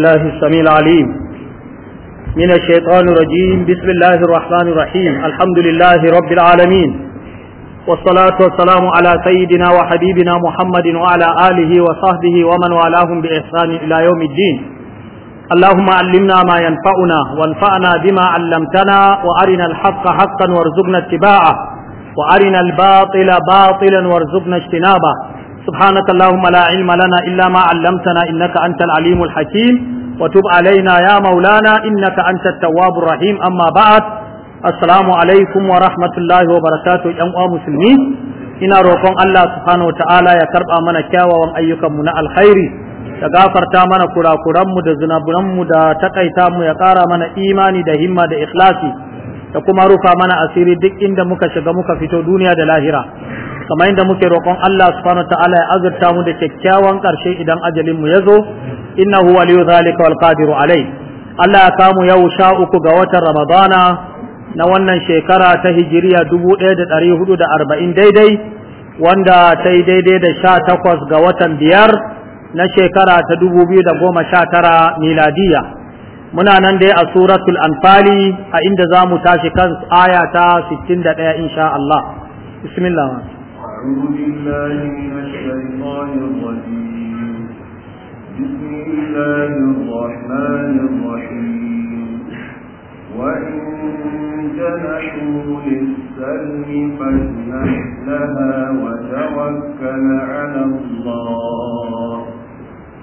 الله السميع العليم من الشيطان الرجيم بسم الله الرحمن الرحيم الحمد لله رب العالمين والصلاة والسلام على سيدنا وحبيبنا محمد وعلى آله وصحبه ومن والاهم بإحسان إلى يوم الدين اللهم علمنا ما ينفعنا وانفعنا بما علمتنا وأرنا الحق حقا وارزقنا اتباعه وأرنا الباطل باطلا وارزقنا اجتنابه سبحانك اللهم لا علم لنا إلا ما علمتنا إنك أنت العليم الحكيم وتب علينا يا مولانا إنك أنت التواب الرحيم أما بعد السلام عليكم ورحمة الله وبركاته يا مسلمين ina rokon Allah subhanahu ta'ala ya karɓa mana kyawawan ayyukanmu na alkhairi ya gafarta mana kurakuranmu da zunubanmu da takaita mu ya ƙara mana imani da himma da ikhlasi da kuma rufa mana asiri duk inda muka shiga muka fito duniya da lahira kamar yadda muke roƙon Allah subhanahu wa ta'ala ya azurta mu da kyakkyawan ƙarshe idan ajalin mu ya zo innahu waliyu zalika wal qadiru alai Allah ya kamu yau sha uku ga watan Ramadana na wannan shekara ta hijiriya dubu ɗaya da ɗari hudu da arba'in daidai wanda ta yi daidai da sha takwas ga watan biyar na shekara ta dubu biyu da goma sha tara miladiya muna nan dai a suratul anfali a inda za mu tashi kan aya ta sittin da ɗaya insha Allah bismillah أعوذ بالله من الشيطان الرجيم بسم الله الرحمن الرحيم وإن جنحوا للسلم فاجنح لها وتوكل على الله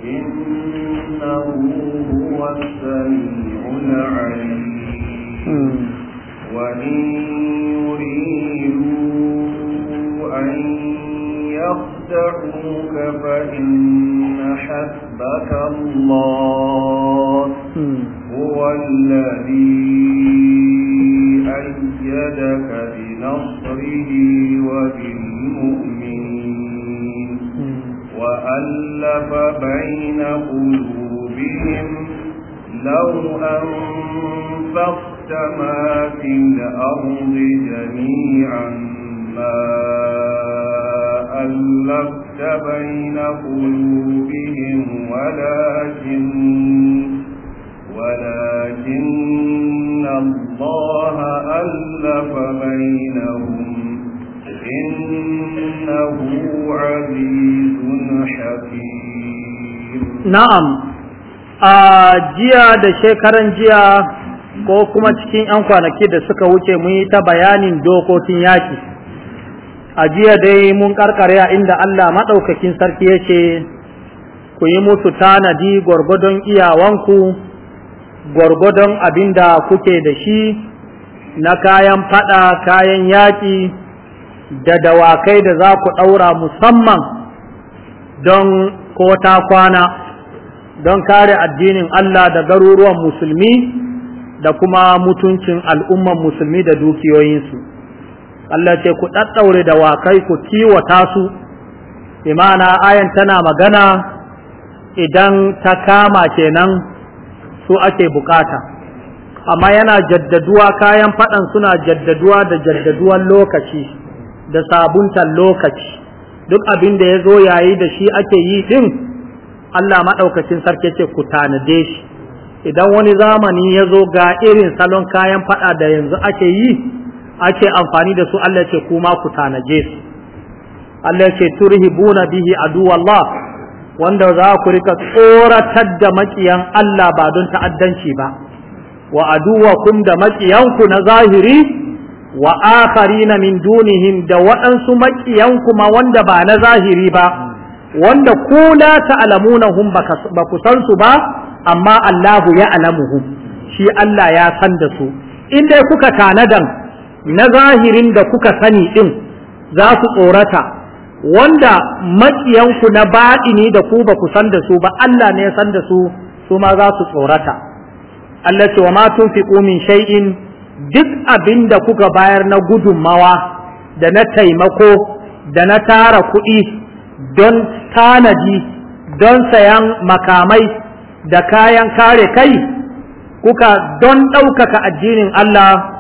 إنه هو السميع العليم وإن يريدوا أن يخدعوك فإن حسبك الله hmm. هو الذي أيدك بنصره وبالمؤمنين hmm. وألف بين قلوبهم لو أنفقت ما في الأرض جميعا ما ألفت بين قلوبهم ولكن ولكن الله ألف بينهم إنه عزيز حكيم نعم جيا jiya da shekaran ko kuma cikin 'yan kwanaki da suka wuce mun yi ta bayanin dokokin yaki a jiya dai mun karkare a inda Allah maɗaukakin sarki ya ce ku yi musu tanadi gwargwadon iyawanku gwargwadon abin da kuke da shi na kayan fada kayan yaƙi da dawakai da za ku ɗaura musamman don ko ta kwana don kare addinin Allah da garuruwan musulmi da kuma mutuncin al'umman musulmi da dukiyoyinsu. Allah ce ku ɗaɗɗaure da wakai ku kiwata su imana ayan tana magana idan ta kama kenan su ake bukata amma yana jaddaduwa kayan faɗan suna jaddaduwa da jaddaduwan lokaci da sabuntan lokaci duk abin da ya zo yayi da shi ake yi ɗin Allah maɗaukacin sarki ce ku tanade shi idan wani zamani ya zo ga irin salon kayan faɗa da yanzu ake yi ake amfani da su Allah ce kuma ku tanaje su Allah ce turhibuna bihi aduwallah wanda za ku rika tsoratar da maƙiyan Allah ba don ta'addanci ba wa aduwakum da ku na zahiri wa akharina min dunihim da waɗansu makiyan ma wanda ba na zahiri ba wanda ku la ta'lamunahum ba ku san su ba amma Allahu ya alamuhum shi Allah ya san da su in dai kuka tanadan na zahirin da kuka sani ɗin za su tsorata wanda maƙiyanku na baɗi ne da ku ba ku san da su ba Allah ne ya san da su su ma za su tsorata Allah ce wa ma tunfiqu min shay'in duk abin da kuka bayar na gudunmawa da na taimako da na tara kuɗi don tanadi don sayan makamai da kayan kare kai kuka don ɗaukaka addinin Allah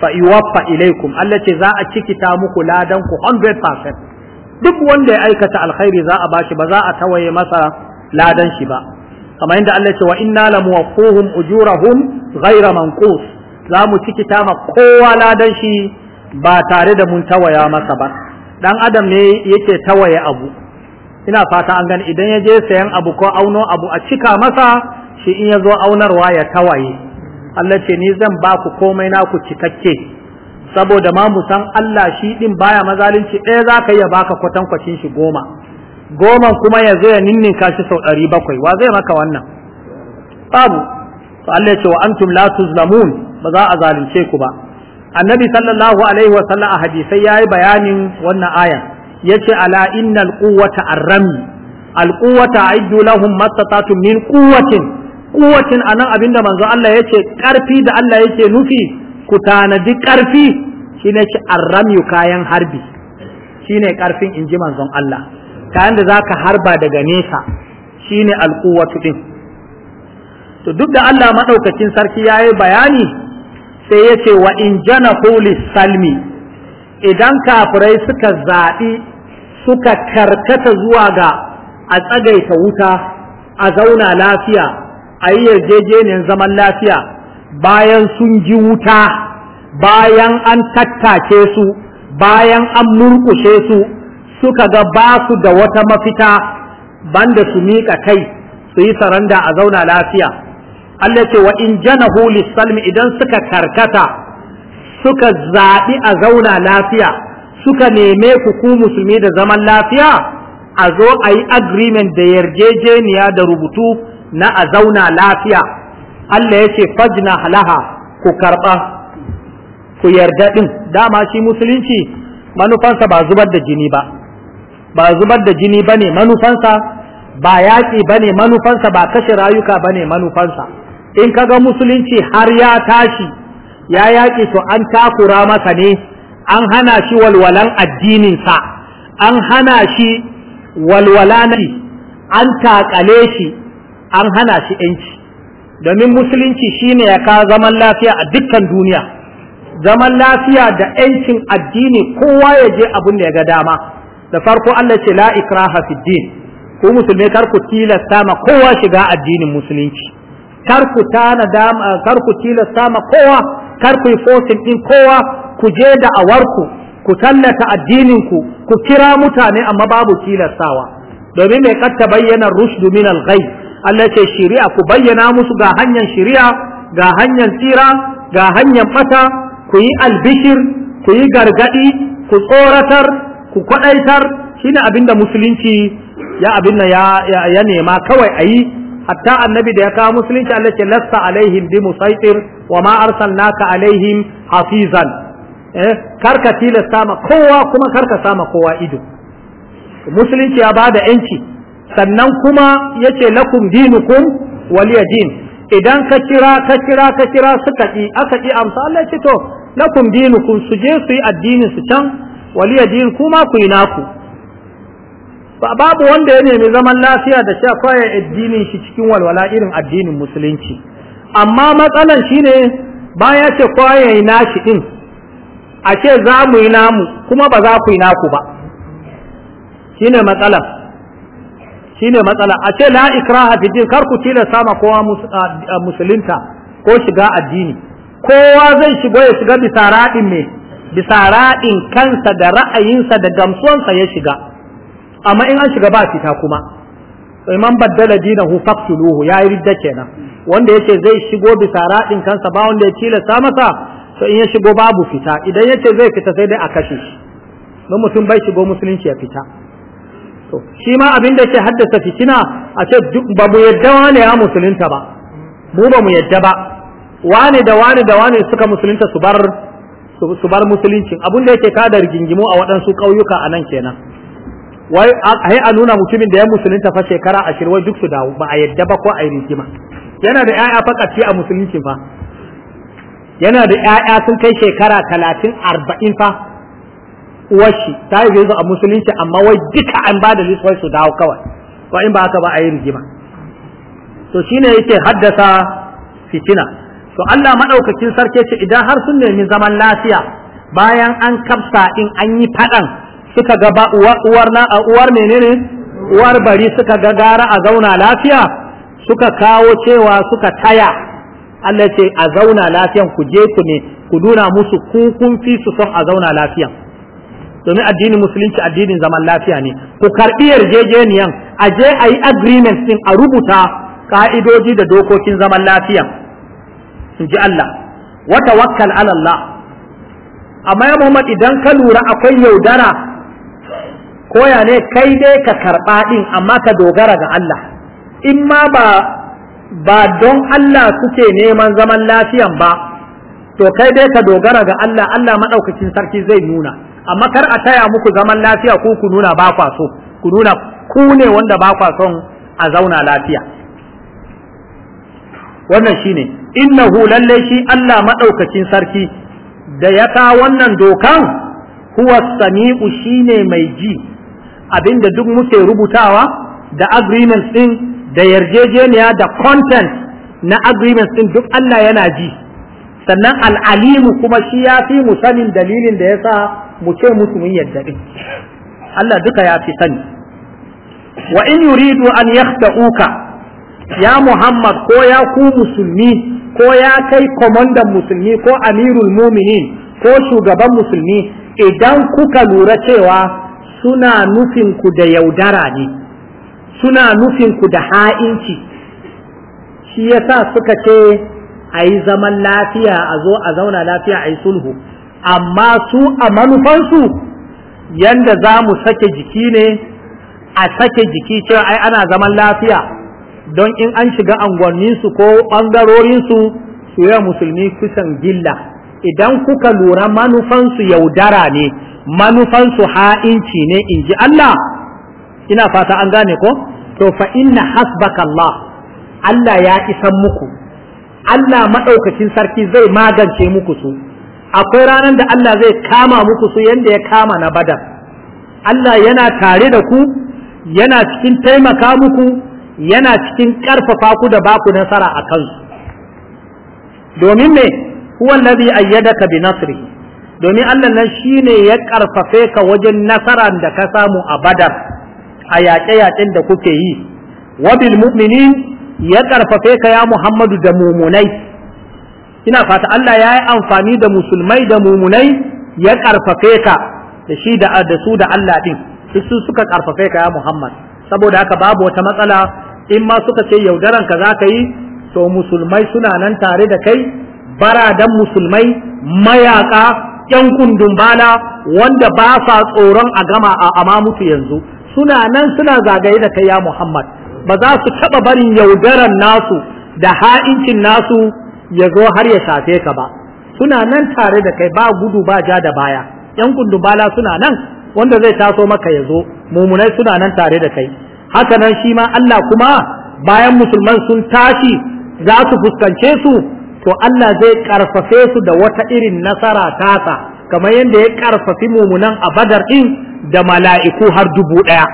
fa yuwaffa ilaikum Allah ce za a cikita muku ladan ku 100% duk wanda ya aikata alkhairi za a bashi ba za a tawaye masa ladan shi ba kamar yadda Allah ce wa inna la muwaffuhum ujurahum gairaman manqus za mu cikita ma kowa ladan shi ba tare da mun tawaya masa ba dan adam ne yake tawaye abu ina fata an gani idan ya je sayan abu ko auno abu a cika masa shi in ya zo aunarwa ya tawaye Allah ce ni zan ba ku komai naku cikakke saboda ma mu san Allah shi din baya mazalunci ɗaya za ka iya baka kwatankwacin shi goma goma kuma ya zo ya ninninka shi sau ɗari bakwai wa zai maka wannan babu to Allah ya ce wa antum la tuzlamun ba za a zalunce ku ba annabi sallallahu alaihi wa sallam a hadisai yayi bayanin wannan aya yace ala innal quwwata arrami alquwwata aiddu lahum mastatatu min quwwatin kuwacin anan abinda manzo Allah yace karfi da Allah yake nufi ku tanadi karfi shine shi kayan harbi shine karfin inji manzon Allah kayan da zaka harba daga nesa shine alquwatu din to duk da Allah madaukakin sarki yayi bayani sai yace wa in janahu salmi idan kafirai suka zaɓi suka karkata zuwa ga a tsagaita wuta a zauna lafiya a yi yarjejeniyar zaman lafiya bayan sun ji wuta bayan an tattace su bayan an murkushe su suka ga ba su da wata mafita banda su miƙa kai su yi saranda a zauna lafiya Allah ce wa in janahu salmi idan suka karkata suka zaɓi a zauna lafiya suka neme ku ku musulmi da zaman lafiya a zo a yi agreement da yarjejeniya da rubutu na a zauna lafiya Allah ya ce fajna halaha ku karɓa ku yarda ɗin dama shi musulunci manufansa ba zubar da jini ba ba zubar da jini ba ne manufansa ba yaƙi ba ne manufansa ba kashe rayuka ba ne manufansa in kaga musulunci har ya tashi ya yaƙi to an takura masa ne an hana shi walwalan addininsa an hana shi walwala an takale shi an hana shi yanci domin musulunci shine ya ka zaman lafiya a dukkan duniya zaman lafiya da yancin addini kowa ya je abin da ya ga dama da farko Allah ce la ikraha fid din ku musulmi kar ku tilasta ma kowa shiga addinin musulunci kar ku tana kar ku tilasta ma kowa kar ku yi din kowa ku je da awarku ku tallata addininku ku kira mutane amma babu tilastawa domin mai katta bayyana rushdu min al Allah ce shiri'a ku bayyana musu ga hanyar shari'a ga hanyar tsira ga hanyar bata ku yi albishir ku yi gargadi ku tsoratar ku kwadaitar shine abinda musulunci ya ya, ya, ya nema kawai ayi hatta annabi da ya kawo musulunci Allah ce lasta alaihim bi musaitir wa ma arsalnaka alaihim hafizan eh karka tilasta ma kowa kuma karka sama kowa ido musulunci ya bada yanci sannan kuma yace lakum dinukum waliya din idan ka kira ka kira ka kira suka ki aka ki amsa Allah ce to lakum dinukum su je su yi addinin su can waliya din kuma ku yi naku ba babu wanda ya nemi zaman lafiya da sha kwaya addinin shi cikin walwala irin addinin musulunci amma matsalan shine baya ce kwaya yi nashi din a ce za mu yi namu kuma ba za ku yi naku ba shine matsalan Shi ne matsala a ce la ikraha fi din kar ku tilasta ma kowa musulunta ko shiga addini kowa zai shigo ya shiga bisa raɗin me bisa raɗin kansa da ra'ayinsa da gamsuwansa ya shiga amma in an shiga ba fita kuma imam baddala dinahu faqtuluhu ya yi ridda kenan wanda yace zai shigo bisa raɗin kansa ba wanda ya tilasta masa to in ya shigo babu fita idan yake zai fita sai dai a kashe shi don mutum bai shigo musulunci ya fita shi ma abin da ke haddasa fitina a ce ba mu yadda wane ya musulunta ba mu ba mu yadda ba wane da wane da wane suka musulunta su bar su bar musuluncin abin da yake kada rigingimu a waɗansu ƙauyuka a nan kenan wai a nuna mutumin da ya musulunta fa shekara ashirin wai duk su dawo ba a yadda ba ko a yi rigima yana da 'ya'ya fakacce a musuluncin fa yana da 'ya'ya sun kai shekara talatin arba'in fa uwarshi ta yi zo a musulunci amma wai duka an ba da liswai su dawo kawai ba in ba haka ba a yi rigima to shine yake haddasa fitina to Allah madaukakin sarki ce idan har sun nemi zaman lafiya bayan an kafsa in an yi fadan suka ga ba uwar na a uwar menene uwar bari suka ga gara a zauna lafiya suka kawo cewa suka taya Allah ce a zauna lafiyan ku je ku ne ku nuna musu ku kun fi su son a zauna lafiyan domin addinin musulunci addinin zaman lafiya ne ku karbi yarjejeniyan a je a yi agreement din a rubuta ka'idoji da dokokin zaman lafiya in ji Allah wa tawakkal ala Allah amma ya Muhammad idan ka lura akwai yaudara koya ne kai dai ka karɓa din amma ka dogara ga Allah in ma ba ba don Allah suke neman zaman lafiyan ba to kai dai ka dogara ga Allah Allah madaukakin sarki zai nuna amma kar a taya muku zaman lafiya ko ku nuna ba kwa so ku nuna ku ne wanda ba kwa son a zauna lafiya wannan shine innahu lalle shi Allah madaukakin sarki da ya ka wannan dokan huwa sami'u shine mai ji abinda duk muke rubutawa da agreement din da yarjejeniya da content na agreement din duk Allah yana ji sannan al'alimu kuma shi ya fi mu sanin dalilin da ya sa mu ce musu mun yadda din Allah duka ya fi sani wa in yuridu an yakhda'uka ya Muhammad ko ya ku musulmi ko ya kai komandan musulmi ko amirul muminin ko shugaban musulmi idan kuka lura cewa suna nufin ku da yaudara ne suna nufin ku da ha'inci shi yasa suka ce a yi zaman lafiya a zo a zauna lafiya a yi sulhu amma su a manufansu yanda za mu sake jiki ne a sake jiki cewa ai ana zaman lafiya don in an shiga anguwanninsu ko ɓangarorinsu su yi musulmi kusan gilla idan kuka lura manufansu yaudara ne manufansu ha'inci ne in ji Allah ina fata an gane ko to fa inna hasbaka Allah Allah ya isan muku Allah maɗaukacin sarki zai magance muku su akwai ranar da Allah zai kama muku su yadda ya kama na badar Allah yana tare da ku yana cikin taimaka muku yana cikin ƙarfafa ku da baku nasara a kansu domin me huwa allazi ayyadaka bi Nasiri, domin Allah nan shine ya ƙarfafe ka wajen nasarar da ka samu a badar a yaƙe-yaƙen da kuke yi wa bil ya ƙarfafe ka ya Muhammadu da mumunai ina fata Allah ya yi amfani da musulmai da mumunai ya ƙarfafe ka da shi da su da Allah ɗin, su suka karfafe ka ya Muhammad saboda haka babu wata matsala in ma suka ce yaudaran ka za ka yi to musulmai suna nan tare da kai baradan musulmai mayaka yan kundun bala wanda ba sa tsoron a gama a ama mutu yanzu suna nan suna zagaye da kai ya Muhammad ba za su taɓa barin yaudaran nasu da ha'incin nasu ya zo har ya shafe ka ba suna nan tare da kai ba gudu ba ja da baya yan gundubala suna nan wanda zai taso maka ya zo mumunai suna nan tare da kai haka nan shi ma Allah kuma bayan musulman sun tashi za su fuskance su to Allah zai karfafe su da wata irin nasara tasa kamar yadda ya karfafi mumunan a badar din da mala'iku har dubu ɗaya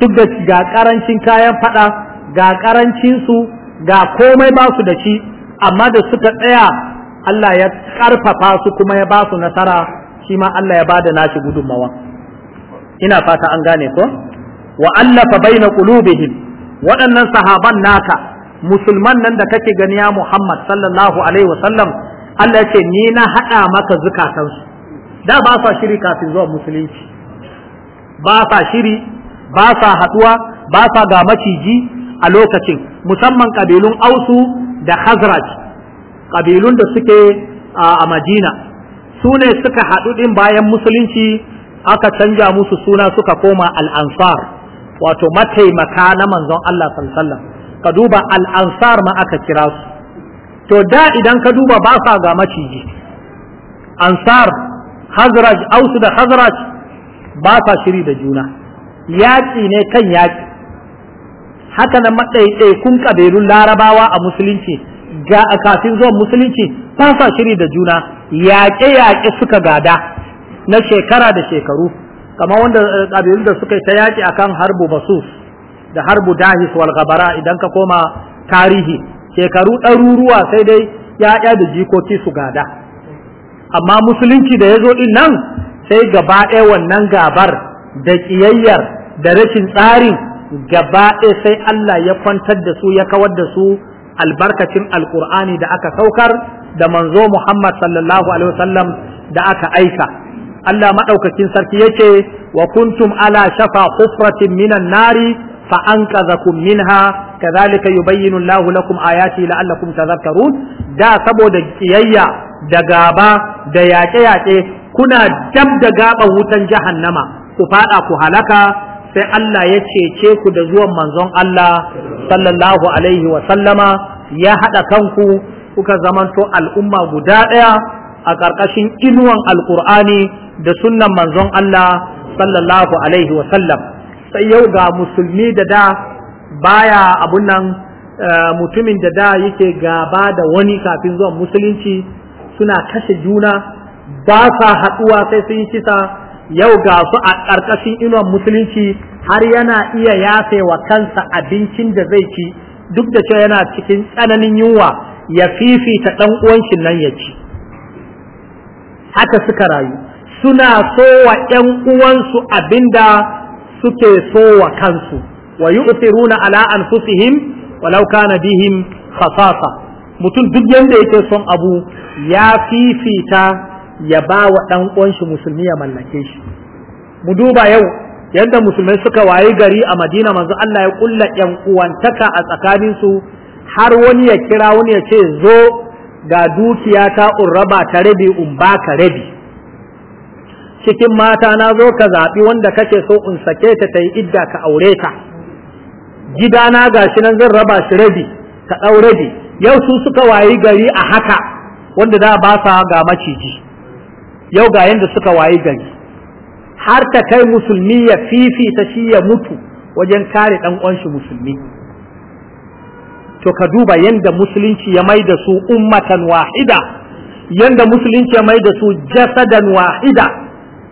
duk da ga karancin kayan fada ga karancin su ga komai ba su da shi amma da suka tsaya Allah ya ƙarfafa su kuma ya ba su nasara shi ma Allah ya ba da nashi gudunmawa ina fata an gane ko wa allafa baina qulubihim waɗannan sahaban naka musulman nan da kake gani ya Muhammad sallallahu alaihi wa sallam, Allah ya ce ni na hada maka zukatansu da ba sa shiri kafin zuwa musulunci ba sa shiri ba sa haduwa ba sa ga maciji a lokacin musamman kabilun ausu da Hazraj ƙabilun da suke a Madina su ne suka haɗu ɗin bayan musulunci aka canja musu suna suka koma al'ansar wato mataimaka na manzon Allah sallallahu ka duba al'ansar ma aka kira su to da idan ka duba ba sa ga maciji ansar hazraj ausu da hazraj ba sa shiri da juna yaƙi ne kan yaƙi haka nan kun ƙabilun larabawa a musulunci ga a kafin zuwan musulunci ba sa shiri da juna yaƙe-yaƙe suka gada na shekara da shekaru kamar wanda eh, ƙabilun da suka yi ta yaƙi akan harbu basus da harbu dahis wal gabara idan ka koma tarihi shekaru ɗaruruwa sai dai ya'ya da jikoki su gada amma musulunci da ya zo din nan sai gaba ɗaya wannan gabar da ƙiyayyar da rashin tsarin gaba ɗaya sai Allah ya kwantar da su ya kawar da su albarkacin alkur'ani da aka saukar da manzo Muhammad sallallahu alaihi wasallam da aka aika Allah madaukakin sarki yace wa kuntum ala shafa hufratin minan nari fa anqadhakum minha kadhalika yubayyinu Allahu lakum ayati la'allakum tadhakkarun da saboda kiyayya da gaba da yaƙe yaƙe kuna dab da gaban wutan jahannama ku fada ku halaka sai Allah ya cece ku da zuwan manzon Allah sallallahu alaihi wa sallama ya haɗa kanku kuka zamanto al'umma guda ɗaya a ƙarƙashin inuwan alƙur'ani da sunnan manzon Allah sallallahu alaihi wa sallam sai yau ga musulmi da da baya abun nan eh, mutumin da da yake gaba da wani kafin zuwan musulunci suna kashe juna ba sa haɗuwa sai sun yi kisa yau ga su a ƙarƙashin inuwan musulunci har yana iya yafe wa kansa abincin da zai ci duk da cewa yana cikin tsananin yunwa ya fifita ɗan uwanshin nan ya ci haka suka rayu suna so wa ‘yan uwansu abinda suke so wa kansu wa yi utiruna ala anfusihim walau kana bihim khasasa mutum duk yanda yake son abu ya fifita ya ba wa ɗan uwanshi musulmi ya mallake shi mu duba yau yadda musulmai suka wayi gari a madina manzo Allah ya ƙulla yan uwantaka a tsakaninsu har wani ya kira wani ya ce zo ga dukiya ta urraba ta rabi in baka rabi cikin mata na zo ka zaɓi wanda kake so in sake ta ta yi idda ka aure ta gidana ga shi nan zan raba shi rabi ka ɗau rabi yau su suka wayi gari a haka wanda da ba sa ga maciji yau ga yanda suka waye gari har ta kai musulmi ya fifita shi ya mutu wajen kare dan uwanshi musulmi to ka duba yanda musulunci ya mai da su ummatan wahida yanda musulunci ya mai da su jasadan wahida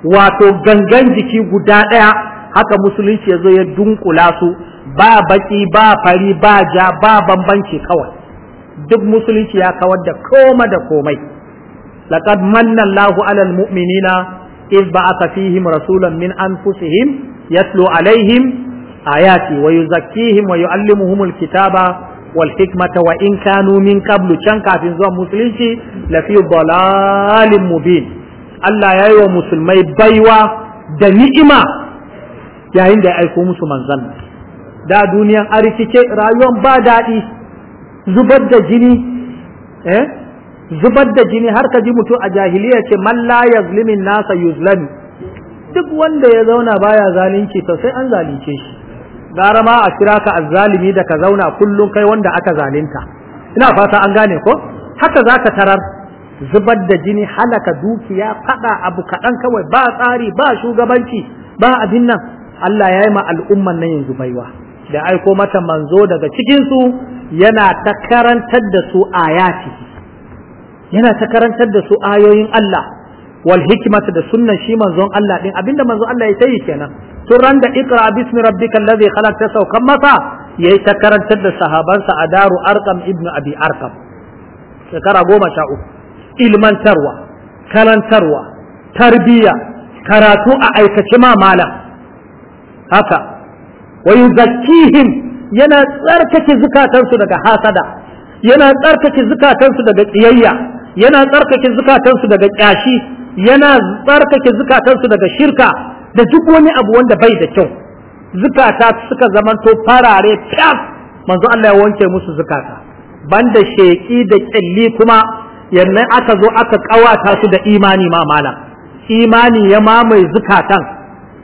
wato gangan jiki guda ɗaya haka musulunci ya zo ya dunkula su ba baki ba fari ba ja ba bambanci kawai duk musulunci ya kawar da koma da komai laqad manna lahu 'alal mu'minina iz ba'atha fihim rasulan min anfusihim yatlu 'alaihim ayati wa yuzakkihim wa yu'allimuhumul kitaba wal hikmata wa in kanu min qablu can kafin zuwa musulunci la fi dalalin mubin Allah ya yi wa musulmai baiwa da ni'ima yayin da ya aiko musu manzan da duniyan a rikice rayuwar ba daɗi zubar da jini zubar da jini har ka ji mutum a jahiliya ce man la nasa yuzlami duk wanda ya zauna baya zalunci to sai an zalunce shi gara ma a kira ka azzalimi da ka zauna kullum kai wanda aka zalunta ina fata an gane ko haka zaka tarar zubar da jini halaka dukiya fada abu kaɗan kawai ba tsari ba shugabanci ba abin nan Allah ya yi ma al'umman nan yanzu baiwa da aiko mata manzo daga cikin su yana ta karantar da su ayati yana ta karantar da su ayoyin Allah wal hikmata da sunnan shi manzon Allah din abinda manzon Allah ya yi kenan tun ran da ikra bismi rabbikal ladhi khalaq ta saukan masa yayi ta karantar da sahabansa a daru arqam ibnu abi arqam shekara goma sha uku ilmantarwa karantarwa tarbiya karatu a aikace ma malam haka wa yuzakkihim yana tsarkake zukatansu daga hasada yana tsarkake zukatansu daga tsiyayya yana tsarkake zukatansu daga ƙyashi yana tsarkake zukatansu daga shirka da duk wani abu wanda bai da kyau zukata suka zamanto farare fiyaf manzo Allah ya wanke musu zukata banda sheki da ƙyalli kuma yannan aka zo aka ƙawata su da imani ma malam imani ya mamaye zukatan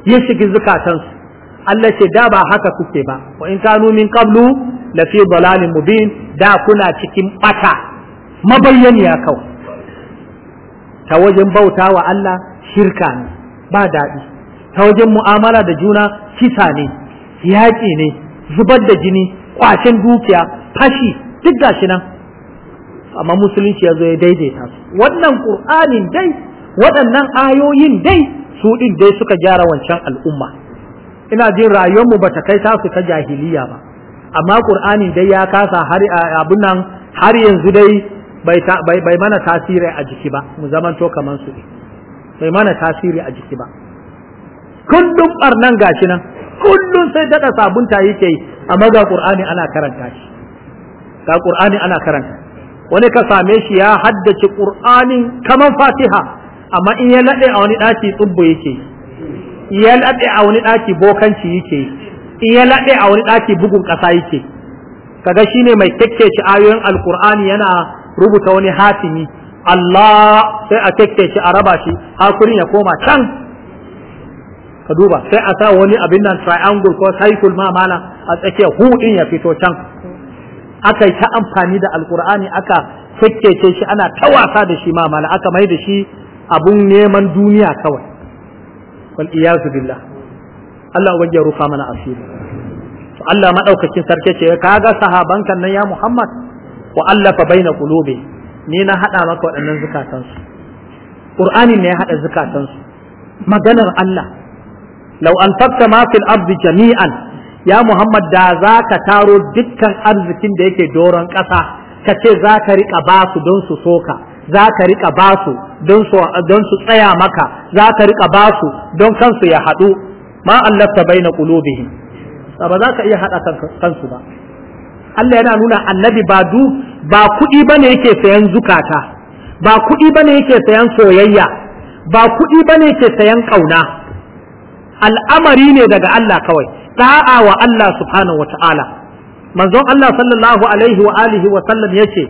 ya shigi zukatansu Allah ce da ba haka kuke ba wa in kanu min qablu la fi dalalin mubin da kuna cikin bata mabayyaniya kawai ta wajen bauta wa Allah shirka ne ba daɗi ta wajen mu'amala da juna kisa ne yaƙi ne zubar da jini kwashen dukiya fashi duk gashi nan amma musulunci ya zo ya daidaita su wannan ƙur'anin dai waɗannan ayoyin dai su ɗin dai suka gyara wancan al'umma ina jin rayuwarmu ba ta kai tasu ta jahiliya ba amma ƙur'ani dai ya kasa har abin nan har yanzu dai bai mana tasiri a jiki ba mu to kaman su bai mana tasiri a jiki ba kullum barnan gashi nan kullum sai daɗa sabunta yake amma ga qur'ani ana karanta shi ga qur'ani ana karanta wani ka same shi ya haddace qur'ani kaman fatiha amma in ya lade a wani daki tsubbu yake in ya lade a wani daki bokanci yake in ya lade a wani daki bugun kasa yake kaga shine mai kekkece ayoyin alqur'ani yana rubuta wani hatimi Allah sai a kekke shi a raba shi hakurin ya koma can ka duba sai a sa wani abin nan triangle ko cycle ma a tsakiya hu din ya fito can aka yi ta amfani da alkur'ani aka kekkece shi ana ta wasa da shi ma aka mai da shi abun neman duniya kawai wal iyazu billah Allah ubangi ya rufa mana asiri Allah madaukakin sarki ce kaga sahaban kan nan ya Muhammad wa allafa baina qulubi ni na hada maka waɗannan zukatan su qur'ani ne ya hada zukatan su maganar Allah law anfaqta ma fil ardi jami'an ya muhammad da zaka taro dukkan arzikin da yake doron ƙasa ka ce zaka rika ba su don su soka zaka rika ba su don su don su tsaya maka zaka rika ba su don kansu ya hadu ma allafta baina qulubihim ba za ka iya hada kansu ba Allah yana nuna annabi ba du ba kuɗi ba ne yake sayan zukata ba kuɗi ba ne yake sayan soyayya ba kuɗi ba ne yake sayan ƙauna al'amari ne daga Allah kawai ɗa'a wa Allah subhanahu wata'ala manzon Allah sallallahu alaihi wa alihi wa sallam yace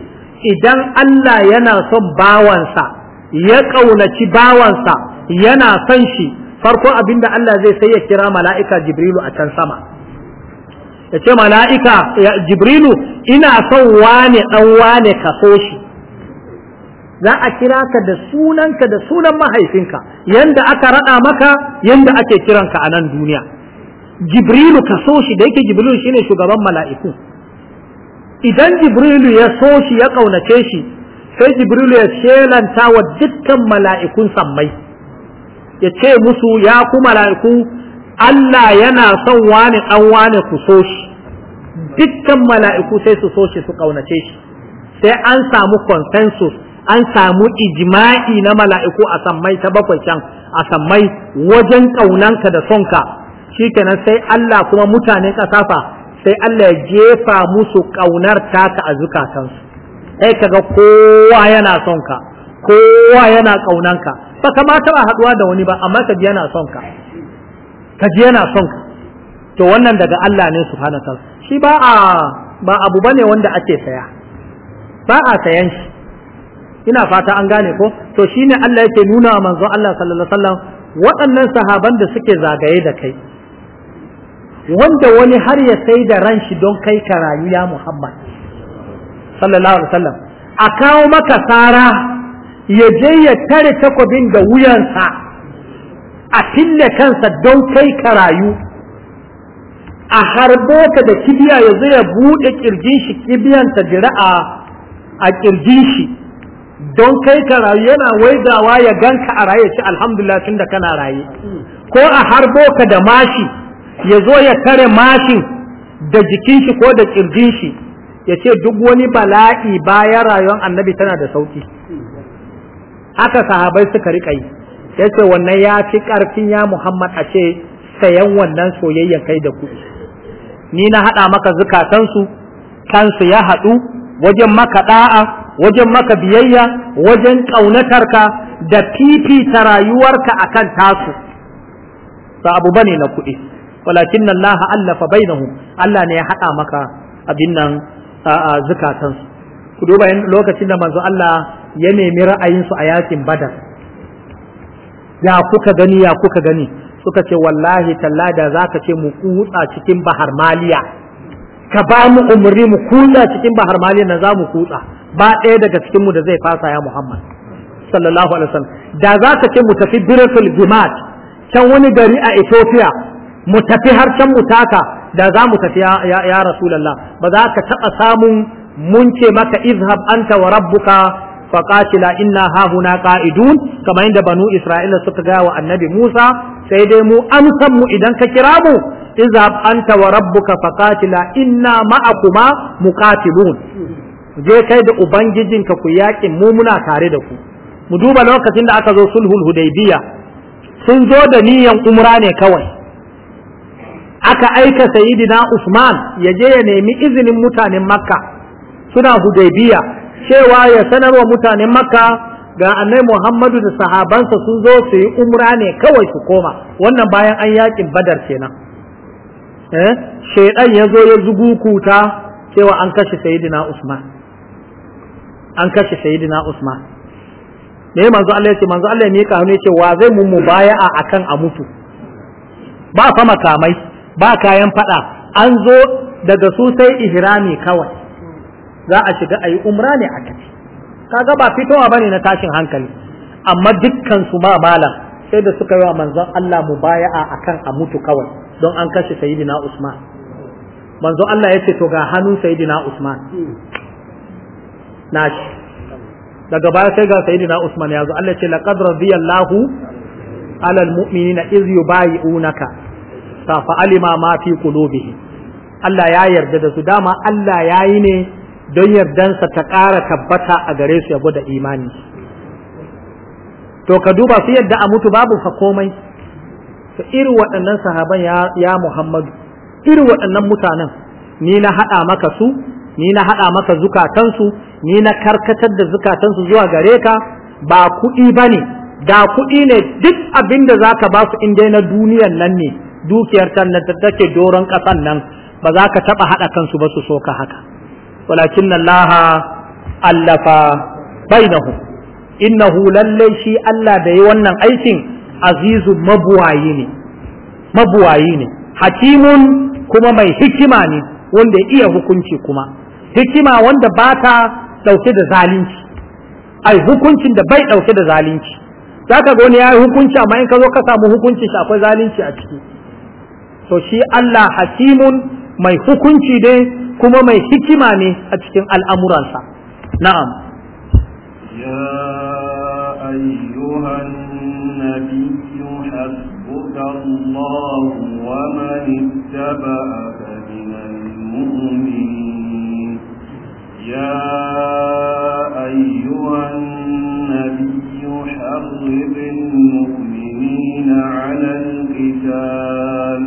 idan Allah yana son bawansa ya ƙaunaci bawansa yana son shi farko abinda Allah zai sai ya kira mala'ika Jibrilu a can sama ya ce mala'ika jibrilu ina son wane ɗan wane ka so shi za a kira ka da sunanka da sunan mahaifinka yanda aka raɗa maka yanda ake kiranka a nan duniya jibrilu ka so shi da yake jibrilu shine shugaban mala'iku idan jibrilu ya so shi ya ƙaunace shi sai jibrilu ya shelanta wa dukkan mala'ikun sammai ya ce musu ya ku mala'iku Allah yana son wani ɗan wani ku so shi dukkan mala'iku sai su so shi su ƙaunace shi sai an samu consensus an samu ijma'i na mala'iku a sammai ta bakwai can a sammai wajen ƙaunanka da sonka shikenan sai Allah kuma mutanen ƙasafa sai Allah ya jefa musu ƙaunar taka a zukatansu sai kaga kowa yana sonka kowa yana ƙaunanka ba kamata ba haɗuwa da wani ba amma ka ji yana sonka ka ji yana son ka to wannan daga Allah ne subhanahu ta'ala shi ba a ba abu bane wanda ake saya ba a sayan shi ina fata an gane ko to shine Allah yake nuna wa manzo Allah sallallahu alaihi wasallam waɗannan sahaban da suke zagaye da kai wanda wani har ya sai da ran shi don kai ka rayuya ya Muhammad sallallahu alaihi wasallam a kawo maka sara ya je ya tare takobin da wuyansa a fille kansa don kai ka rayu a harbo ka da kibiya ya zo ya buɗe ƙirjin shi kibiyan ta jira a ƙirjin shi don kai ka rayu yana waigawa ya ganka a raye ci alhamdulillah tun da kana raye ko a harbo ka da mashi ya zo ya tare mashin da jikin shi ko da ƙirjin shi ya ce duk wani bala'i bayan rayuwar annabi tana da sauki haka sahabai suka riƙa yi yace wannan ya fi karfin ya Muhammad a ce sayan wannan soyayya kai da kuɗi ni na haɗa maka zukatansu su ya haɗu wajen maka ɗa'a wajen maka biyayya wajen ka da fifita rayuwarka kan tasu ba abu bane na kuɗi walakin Allah allafa bainahum Allah ne ya haɗa maka abin nan zukatansu ku duba lokacin da manzo Allah ya nemi ra'ayinsu a yakin badar ya kuka gani ya kuka gani suka ce wallahi talla da za ka ce mu kutsa cikin bahar maliya ka ba mu umarni mu kutsa cikin bahar maliya na za mu kutsa ba ɗaya daga cikin mu da zai fasa ya muhammad sallallahu alaihi wasallam da za ka ce mu tafi biratul gimat can wani gari a ethiopia mu tafi har can mu taka da za mu tafi ya rasulullah ba za ka taɓa samun mun ce maka izhab anta wa rabbuka fa qatila inna hahuna qa'idun kamar yadda banu isra'ila suka ga wa annabi Musa sai dai mu amsan mu idan ka kira mu izhab anta wa rabbuka fa qatila inna ma'akuma muqatilun je kai da ubangijinka ku yakin mu muna tare da ku mu duba lokacin da aka zo sulhul hudaybiya sun zo da niyan umra ne kawai aka aika sayidina Usman ya je ya nemi izinin mutanen Makka suna hudaibiya. cewa ya sanarwa mutanen makka ga annai muhammadu da sahabansa sun zo su yi umra ne kawai su koma wannan bayan an yakin badar kenan eh shaidan ya zo ya zugu kuta cewa an kashe sayyidina usman an kashe sayyidina usman me manzo Allah ce? manzo Allah ya mika hannu ce, wa zai mun mubaya'a akan a mutu ba fa makamai ba kayan fada an zo daga su sai ihrami kawai za a shiga a yi umra ne a ce kaga ba fitowa bane na tashin hankali amma dukkan su ma malam sai da suka yi wa manzon Allah mubaya'a akan a mutu kawai don an kashe sayyidina Usman manzon Allah ya ce to ga hannun sayyidina Usman nashi daga baya sai ga sayyidina Usman ya zo Allah ce laqad radiyallahu mu'minina iz yubayi'unaka fa fa'alima ma fi qulubihim Allah ya yarda da su dama Allah ya yi ne don yardansa ta ƙara tabbata a gare su ya da imani to ka duba su yadda a mutu babu fa komai to irin waɗannan sahaban ya, Muhammadu irin waɗannan mutanen ni na haɗa maka su ni na haɗa maka zukatansu ni na karkatar da zukatansu zuwa gare ka ba kuɗi ba ne da kuɗi ne duk abin da za ka ba su in na duniyan nan ne dukiyar ta take doron ƙasan nan ba za ka taɓa haɗa kansu ba su so ka haka walakin Allah allafa bainahum innahu lalle shi Allah da yi wannan aikin azizu mabuwayi ne hakimun kuma mai hikima ne wanda iya hukunci kuma hikima wanda ba ta ɗauke da zalunci ai hukuncin da bai ɗauke da zalunci za ka ga wani ya yi hukunci amma in ka zo ka samu hukunci shi akwai zalunci a ciki to shi Allah hakimun mai hukunci ne kuma mai hikima ne a cikin al'amuransa na'am ya ayyuhan nabiyyu hasbuka Allah wa man ittaba'aka minal mu'minin ya ayyuhan nabiyyu harrib al-mu'minina 'ala al-qital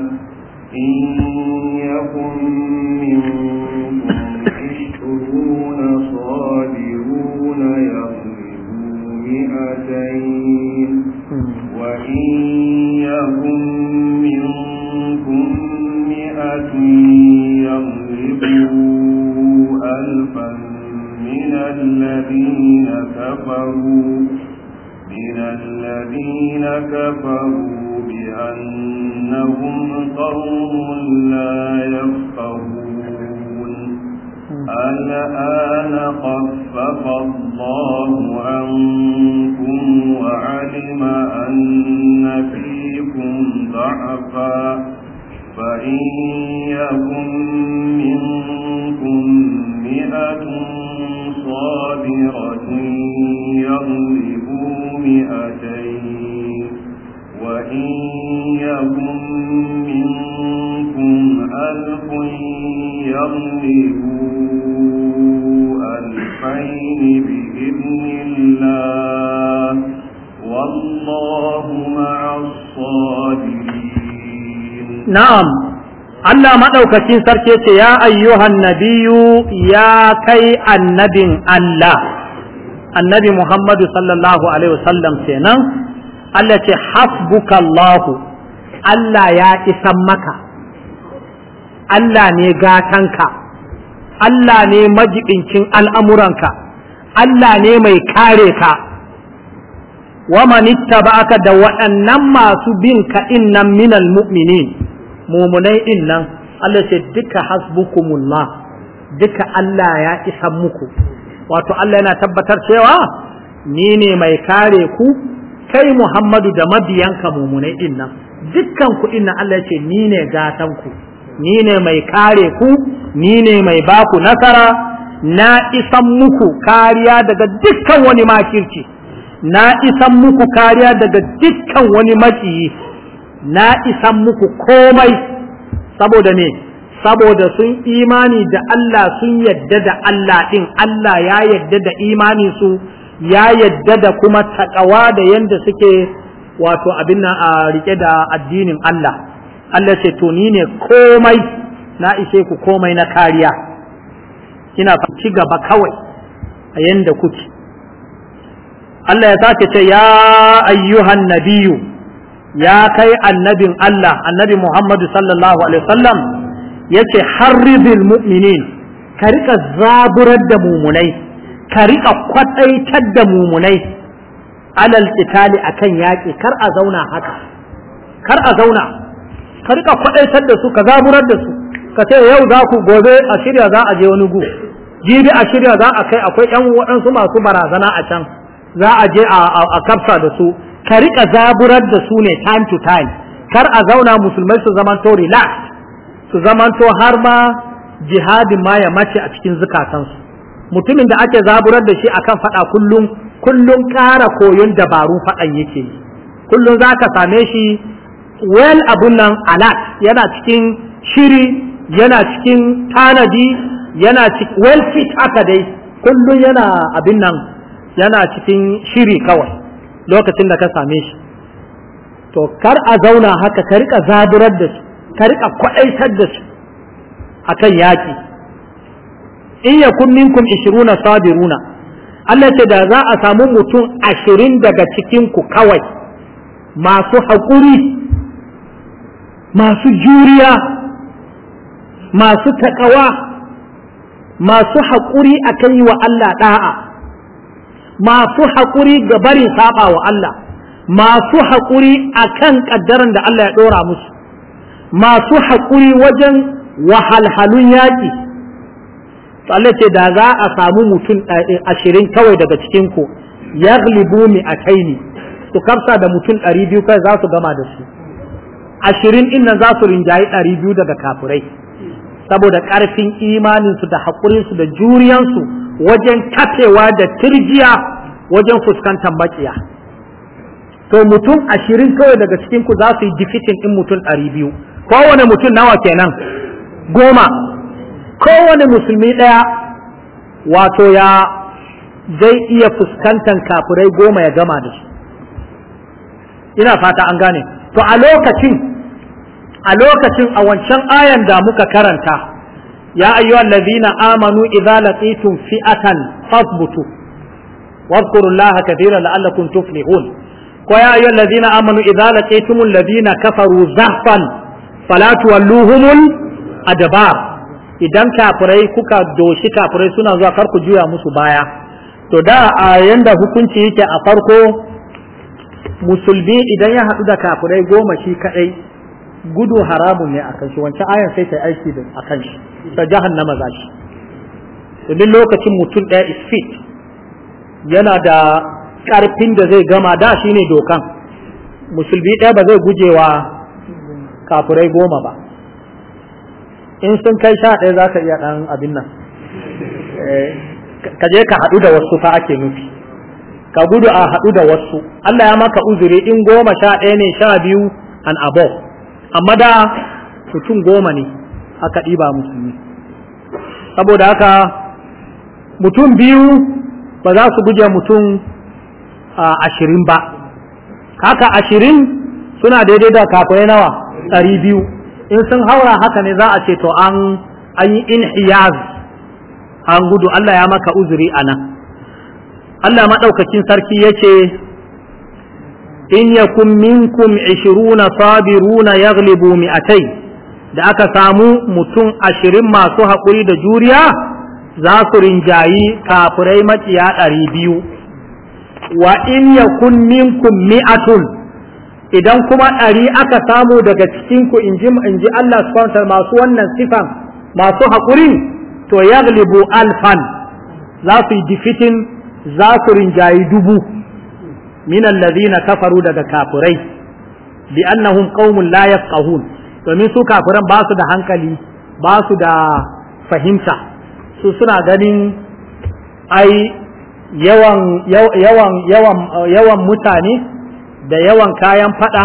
in yakun شيء وإن يكن منكم مئة يغلبوا ألفا من الذين كفروا من الذين كفروا بأنهم قوم لا يفقهون الآن خفف الله عنكم وعلم أن فيكم ضعفا فإن يكن منكم مئة صابرة يغلبوا مئتين وإن يكن منكم ألف يغلبوا الغيب بإذن الله والله مع الصابرين نعم Allah maɗaukacin sarki ce, Ya ayyuhan nabiyu ya kai annabin Allah, annabi Muhammadu sallallahu Alaihi wasallam kenan, Allah ce, Hasbukallahu, Allah ya isan maka, Allah ne gatanka. Allah ne majibincin al'amuranka Allah ne mai kare ka wa manitta ba aka da waɗannan masu bin ka nan minal mu'mini mumunai ɗin nan Allah ce duka hasbukumullah duka Allah ya isa muku wato Allah yana tabbatar cewa ni ne mai kare ku kai Muhammadu da mabiyanka mumunai ɗin nan dukkan ku ɗin Allah ya ce ni ne gatanku ku ni ne mai kare ku ni ne mai ba ku nasara na isan muku kariya daga dukkan wani makirci na isan muku kariya daga dukkan wani maciyi na isan muku komai saboda ne saboda sun imani da Allah sun yadda da Allah ɗin Allah ya yadda da imani su ya yadda da kuma takawa da yadda suke wato abin a rike da addinin Allah Allah ce to ni ne komai na ishe ku komai na kariya ina ci gaba kawai a yanda kuke Allah ya sake ce ya ayyuhan nabiyu ya kai annabin Allah annabi Muhammadu sallallahu alaihi wasallam yace harribil mu'minin ka rika zaburar da mumunai ka rika kwatsaitar da mumunai alal a akan yaƙi kar a zauna haka kar a zauna ka rika kwadaitar da su ka zaburar da su ka ce yau za ku gobe a shirya za a je wani gu jibi a shirya za a kai akwai yan waɗansu masu barazana a can za a je a kafsa da su ka rika zaburar da su ne time to time kar a zauna musulmai su zamanto relax su zamanto har ma jihadin ma ya mace a cikin zukatansu mutumin da ake zaburar da shi akan faɗa kullum kullum ƙara koyon dabarun faɗan yake kullum za ka same shi Wel abun nan alat yana cikin shiri yana cikin tanadi yana cikin well fit haka dai kullum yana abin nan yana cikin shiri kawai lokacin da ka same shi to kar a zauna haka ka rika zaburar da su ka rika kwaɗaitar da su akan yaƙi in yakun minkum ishiruna sabiruna Allah ce da za a samu mutum ashirin daga cikin ku kawai masu haƙuri masu juriya masu taƙawa masu haƙuri a kan wa Allah ɗa'a masu haƙuri ga barin saɓa wa Allah masu haƙuri a kan ƙaddaran da Allah ya ɗora musu masu haƙuri wajen wahalhalun yaƙi Allah ce da za a samu mutum eh, ashirin kawai daga cikinku ya mi a kai ne su kamsa da mutum ɗari biyu kai za su gama da su ashirin innan nan za su rinjayi ɗari biyu daga kafirai saboda ƙarfin imaninsu da haƙurinsu da juriyansu wajen kafewa da turjiya wajen fuskantar maƙiya to mutum ashirin kawai daga cikinku za su yi difitin in mutum ɗari biyu kowane mutum nawa kenan goma kowane musulmi ɗaya wato ya zai iya fuskantar kafirai goma ya gama da su ina fata an gane to a lokacin a lokacin a wancan ayan da muka karanta ya ayyuhal ladina amanu idza laqitum fi'atan fasbutu wadhkurullaha kathiran la'allakum tuflihun ko ya ayyuhal ladina amanu idza laqitumul ladina kafaru zahfan fala tuwalluhumul adbar idan kafirai kuka doshi kafirai suna zuwa kar juya musu baya to da a yanda hukunci yake a farko musulmi idan ya haɗu da kafirai goma shi kaɗai gudu haramun ne akan shi wancan ayan sai ta aiki da akan shi ta jahannama za shi to lokacin mutum ɗaya is fit yana da ƙarfin da zai gama da shi ne dokan musulmi ɗaya ba zai gujewa kafurai goma ba in sun kai sha ɗaya za ka iya ɗan abin nan eh, ka je ka haɗu da wasu fa ake nufi ka gudu a haɗu da wasu Allah ya maka uzuri in goma sha ɗaya ne sha biyu an above amma da mutum goma ne aka ɗiba musulmi saboda haka mutum biyu ba za su guje mutum ashirin ba haka ashirin suna daidai da kafirai nawa ɗari biyu in sun haura haka ne za a ce to an an yi inhiyaz an gudu Allah ya maka uzuri a Allah maɗaukakin sarki ya ce in yakun minkum ishiruna sabiruna yaglibu mi'atai da aka samu mutum ashirin masu haƙuri da juriya za su rinjayi kafurai maciya ɗari biyu wa in yakun minkum mi'atun idan kuma ɗari aka samu daga cikinku in ji Allah subhanahu masu wannan sifan masu haƙurin to yaglibu alfan za su yi difitin za su rinjayi dubu min alladhina kafaru daga kafurai, bi annahum qaumun la yafqahun domin su kafiran ba su da hankali ba su da fahimta su suna ganin ai yawan mutane da yawan kayan faɗa,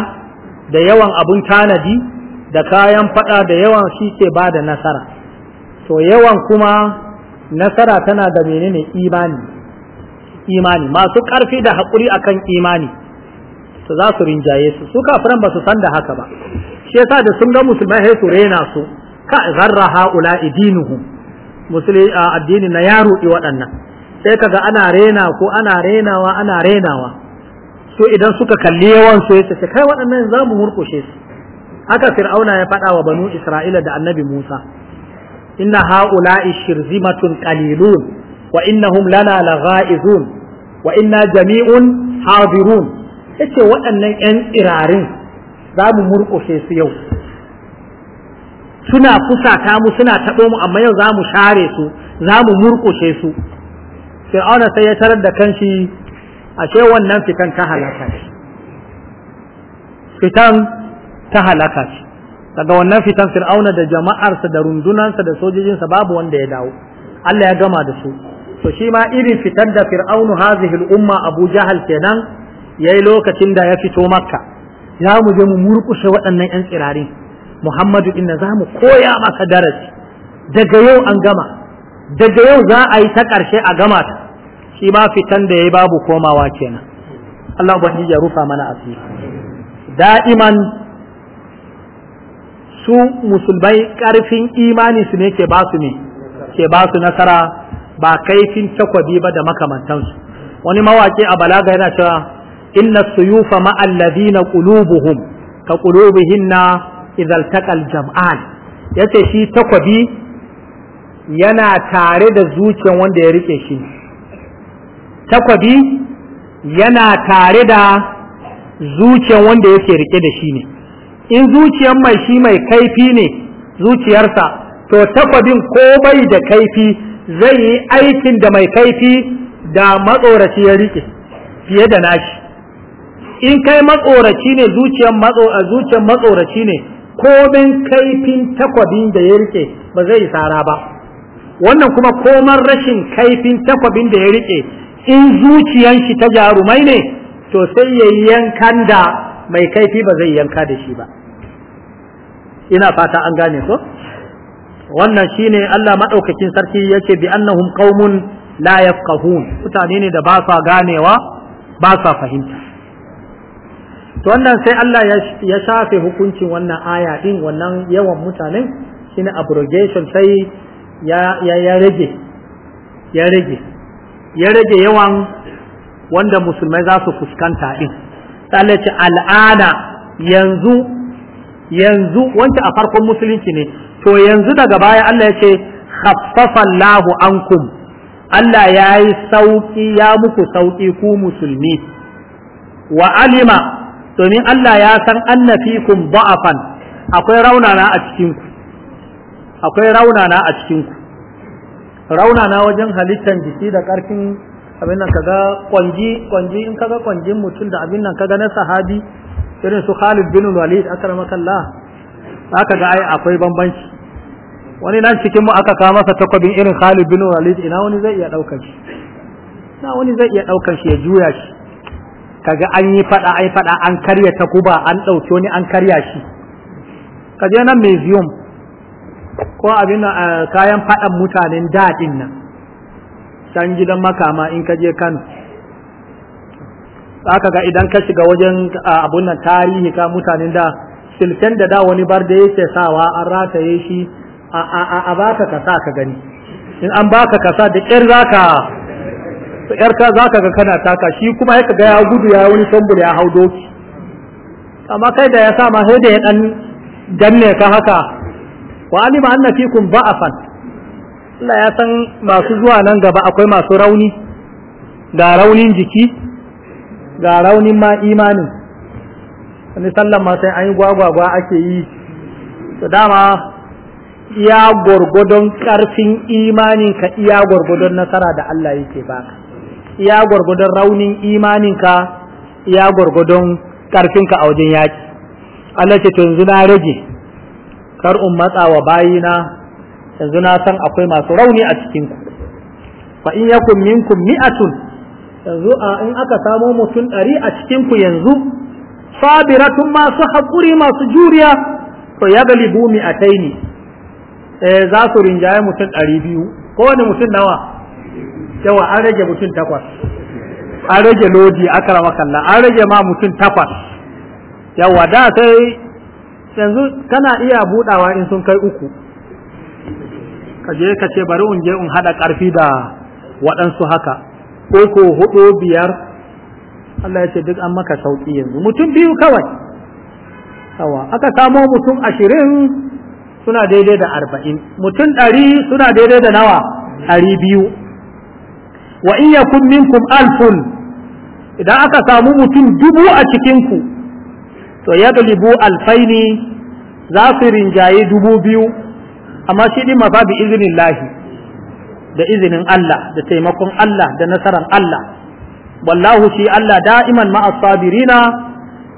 da yawan abun tanadi da kayan fada da yawan shi ke ba da nasara to yawan kuma nasara tana da menene imani imani masu ƙarfi da haƙuri akan imani su za su rinjaye su su kafiran ba su san da haka ba shi yasa da sun ga musulmai sai su rena su ka zarra haula idinuhu musulmi addini na yaro ruɗi waɗannan sai kaga ana rena ko ana renawa ana renawa su idan suka kalli yawan su yace kai waɗannan za mu murkushe su haka fir'auna ya faɗa wa banu isra'ila da annabi musa inna ha'ula shirzimatun qalilun wa innahum lana lagha'izun wa inna jami'un hadirun yace waɗannan 'yan tsirarin za mu murƙushe su yau suna fusata mu suna taɓo mu amma yau za mu share su za mu murƙushe su fir'auna sai ya tarar da kanshi ashe wannan fitan ta halaka ce fitan ta halaka daga wannan fitan fir'auna da jama'arsa da rundunansa da sojojinsa babu wanda ya dawo Allah ya gama da su to shi ma irin fitar da fir'aunu hazihil umma abu jahal kenan yayi lokacin da ya fito makka ya mu je mu murkushe waɗannan yan tsirarin muhammadu inna za mu koya maka darasi daga yau an gama daga yau za a yi ta ƙarshe a gama ta shi ma fitan da yayi babu komawa kenan Allah ubangiji ya rufa mana asiri da'iman su musulmai ƙarfin imani su ne ke ba su ne ke ba su nasara ba kaifin takwabi ba da makamantansu wani mawaƙi a balaga yana cewa inna suyufa ma alladhina qulubuhum ka qulubihinna idhal taqal jam'an yace shi takwabi yana tare da zuciyar wanda ya rike shi takwabi yana tare da zuciyar wanda yake rike da shi ne in zuciyar mai shi mai kaifi ne zuciyarsa to takwabin ko bai da kaifi zai yi aikin da mai kaifi da matsoraci ya rike fiye da nashi in kai matsoraci ne zuciyar zuciyar matsoraci ne komin kaifin takwabin da ya rike ba zai tsara ba wannan kuma komar rashin kaifin takwabin da ya rike in zuciyan shi ta jarumai ne to sai ya yankan da mai kaifi ba zai yanka da shi ba ina fata an gane ko wannan shine Allah madaukakin sarki yake bi annahum qaumun la yafqahun mutane ne da ba sa ganewa ba sa fahimta to wannan sai Allah ya shafe hukuncin wannan aya din wannan yawan mutanen shine abrogation sai ya ya rage ya rage ya rage yawan wanda musulmai za su fuskanta din tsallace al'ada yanzu yanzu wancan a farkon musulunci ne to yanzu daga baya Allah ya ce khaffafallahu ankum Allah ya yi sauki ya muku sauki ku musulmi wa alima domin Allah ya san fikum ba'afan akwai raunana a ku akwai raunana a cikinku raunana wajen halittar jiki da ƙarfin abin nan kaga kwanji kwanji in kaga kwanjin mutum da abin nan kaga na sahabi irin su Khalid bin Walid akramakallah aka ga ai akwai bambanci wani nan cikin mu aka kawo masa takwabin irin Khalid bin Walid ina wani zai iya daukar shi na wani zai iya daukar shi ya juya shi kaga an yi fada ai fada an karya ta takuba an dauke wani an karya shi kaje nan museum ko abin eh, kayan fadan mutanen dadin nan san gidan makama in ka je Kano aka ga idan ka shiga wajen eh, abun nan tarihi ka mutanen da silken da da wani bar da yake sawa an rataye shi a baka ka sa ka gani in an baka ka sa da ƙyar zaka ka ƙyar ka zaka ga kana taka shi kuma ya ga ya gudu ya wani sambul ya hau doki amma kai da ya sa ma sai da ya dan danne ka haka wa alima anna fikum ba'afan Allah ya san masu zuwa nan gaba akwai masu rauni ga raunin jiki ga raunin ma imanin wani sallan ma sai an yi gwagwagwa ake yi to dama iya gwargwadon karfin imaninka iya gwargwadon nasara da Allah yake baka iya gwargwadon raunin imaninka iya gwargwadon ka a wajen yaki Allah ce to yanzu na rage kar in matsa wa bayina yanzu na san akwai masu rauni a cikin ku fa in yakum minkum mi'atun yanzu in aka samo mutum ɗari a cikin ku yanzu sabiratun masu haƙuri masu juriya to ya gali bumi a taini eh, za su rinjaye mutum ɗari biyu kowane mutum nawa yawa an rage mutum takwas an rage lodi aka rama kalla an rage ma mutum takwas yawa da sai yanzu kana iya buɗawa in sun kai uku ka je ka ce bari in je in haɗa ƙarfi da waɗansu haka uku hudu biyar Allah ya ce duk an maka sauki yanzu mutum biyu kawai yawa aka samo mutum ashirin suna daidai da arba'in mutum ɗari suna daidai da nawa ɗari biyu wa in yakun minkum alfun idan aka samu mutum dubu a cikinku to ya galibu alfaini za su rinjaye dubu biyu amma shi ɗin mafa bi izinin lahi da izinin Allah da taimakon Allah da nasarar Allah wallahu shi Allah da'iman ma'a sabirina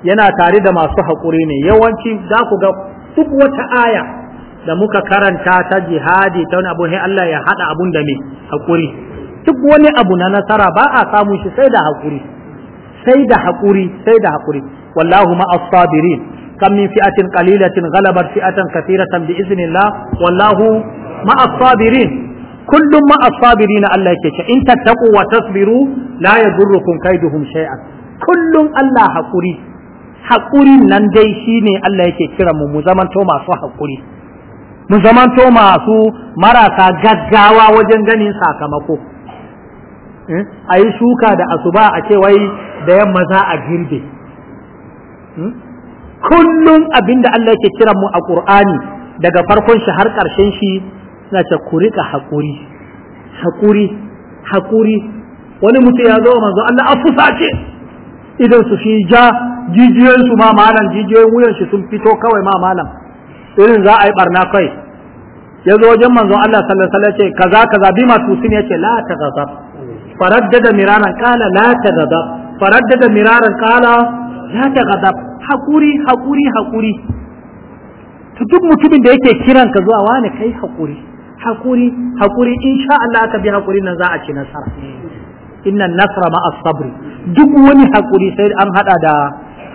yana tare da masu haƙuri ne yawanci za ku ga duk wata aya da muka karanta ta jihadi ta wani abu ne Allah ya haɗa abun da me haƙuri duk wani abu na nasara ba a samu shi sai da haƙuri sai da haƙuri sai da haƙuri wallahu ma'a sabirin kam min fi'atin qalilatin ghalabat fi'atan kathiratan bi iznillah wallahu ma'a sabirin kullum ma na Allah yake ce in tattaqu wa tasbiru la yadurrukum kaiduhum shay'an kullum Allah hakuri hakurin nan dai shine Allah yake kira mu mu zamanto masu hakuri mu zamanto masu marasa gaggawa wajen ganin sakamako hmm? a yi shuka da asuba a ce wai da yamma za a girbe hmm? kullum abinda Allah yake kira mu a Qur'ani daga farkon shi har ƙarshen shi suna ce ku riƙa haƙuri haƙuri haƙuri wani mutum ya zo manzo Allah a ce idan su shi ja jijiyoyin su ma malam jijiyoyin wuyan shi sun fito kawai ma malam irin za a yi barna kai ya zo wajen manzo Allah sallallahu alaihi wasallam ce kaza kaza bi ma tusin yace la ta kaza faraddada miraran kala la ta kaza faraddada miraran kala la ta kaza hakuri hakuri hakuri duk mutumin da yake kiran ka zuwa wani kai hakuri hakuri hakuri insha Allah aka bi hakuri nan za a ci nasara inna nasra ma'a sabri duk wani hakuri sai an hada da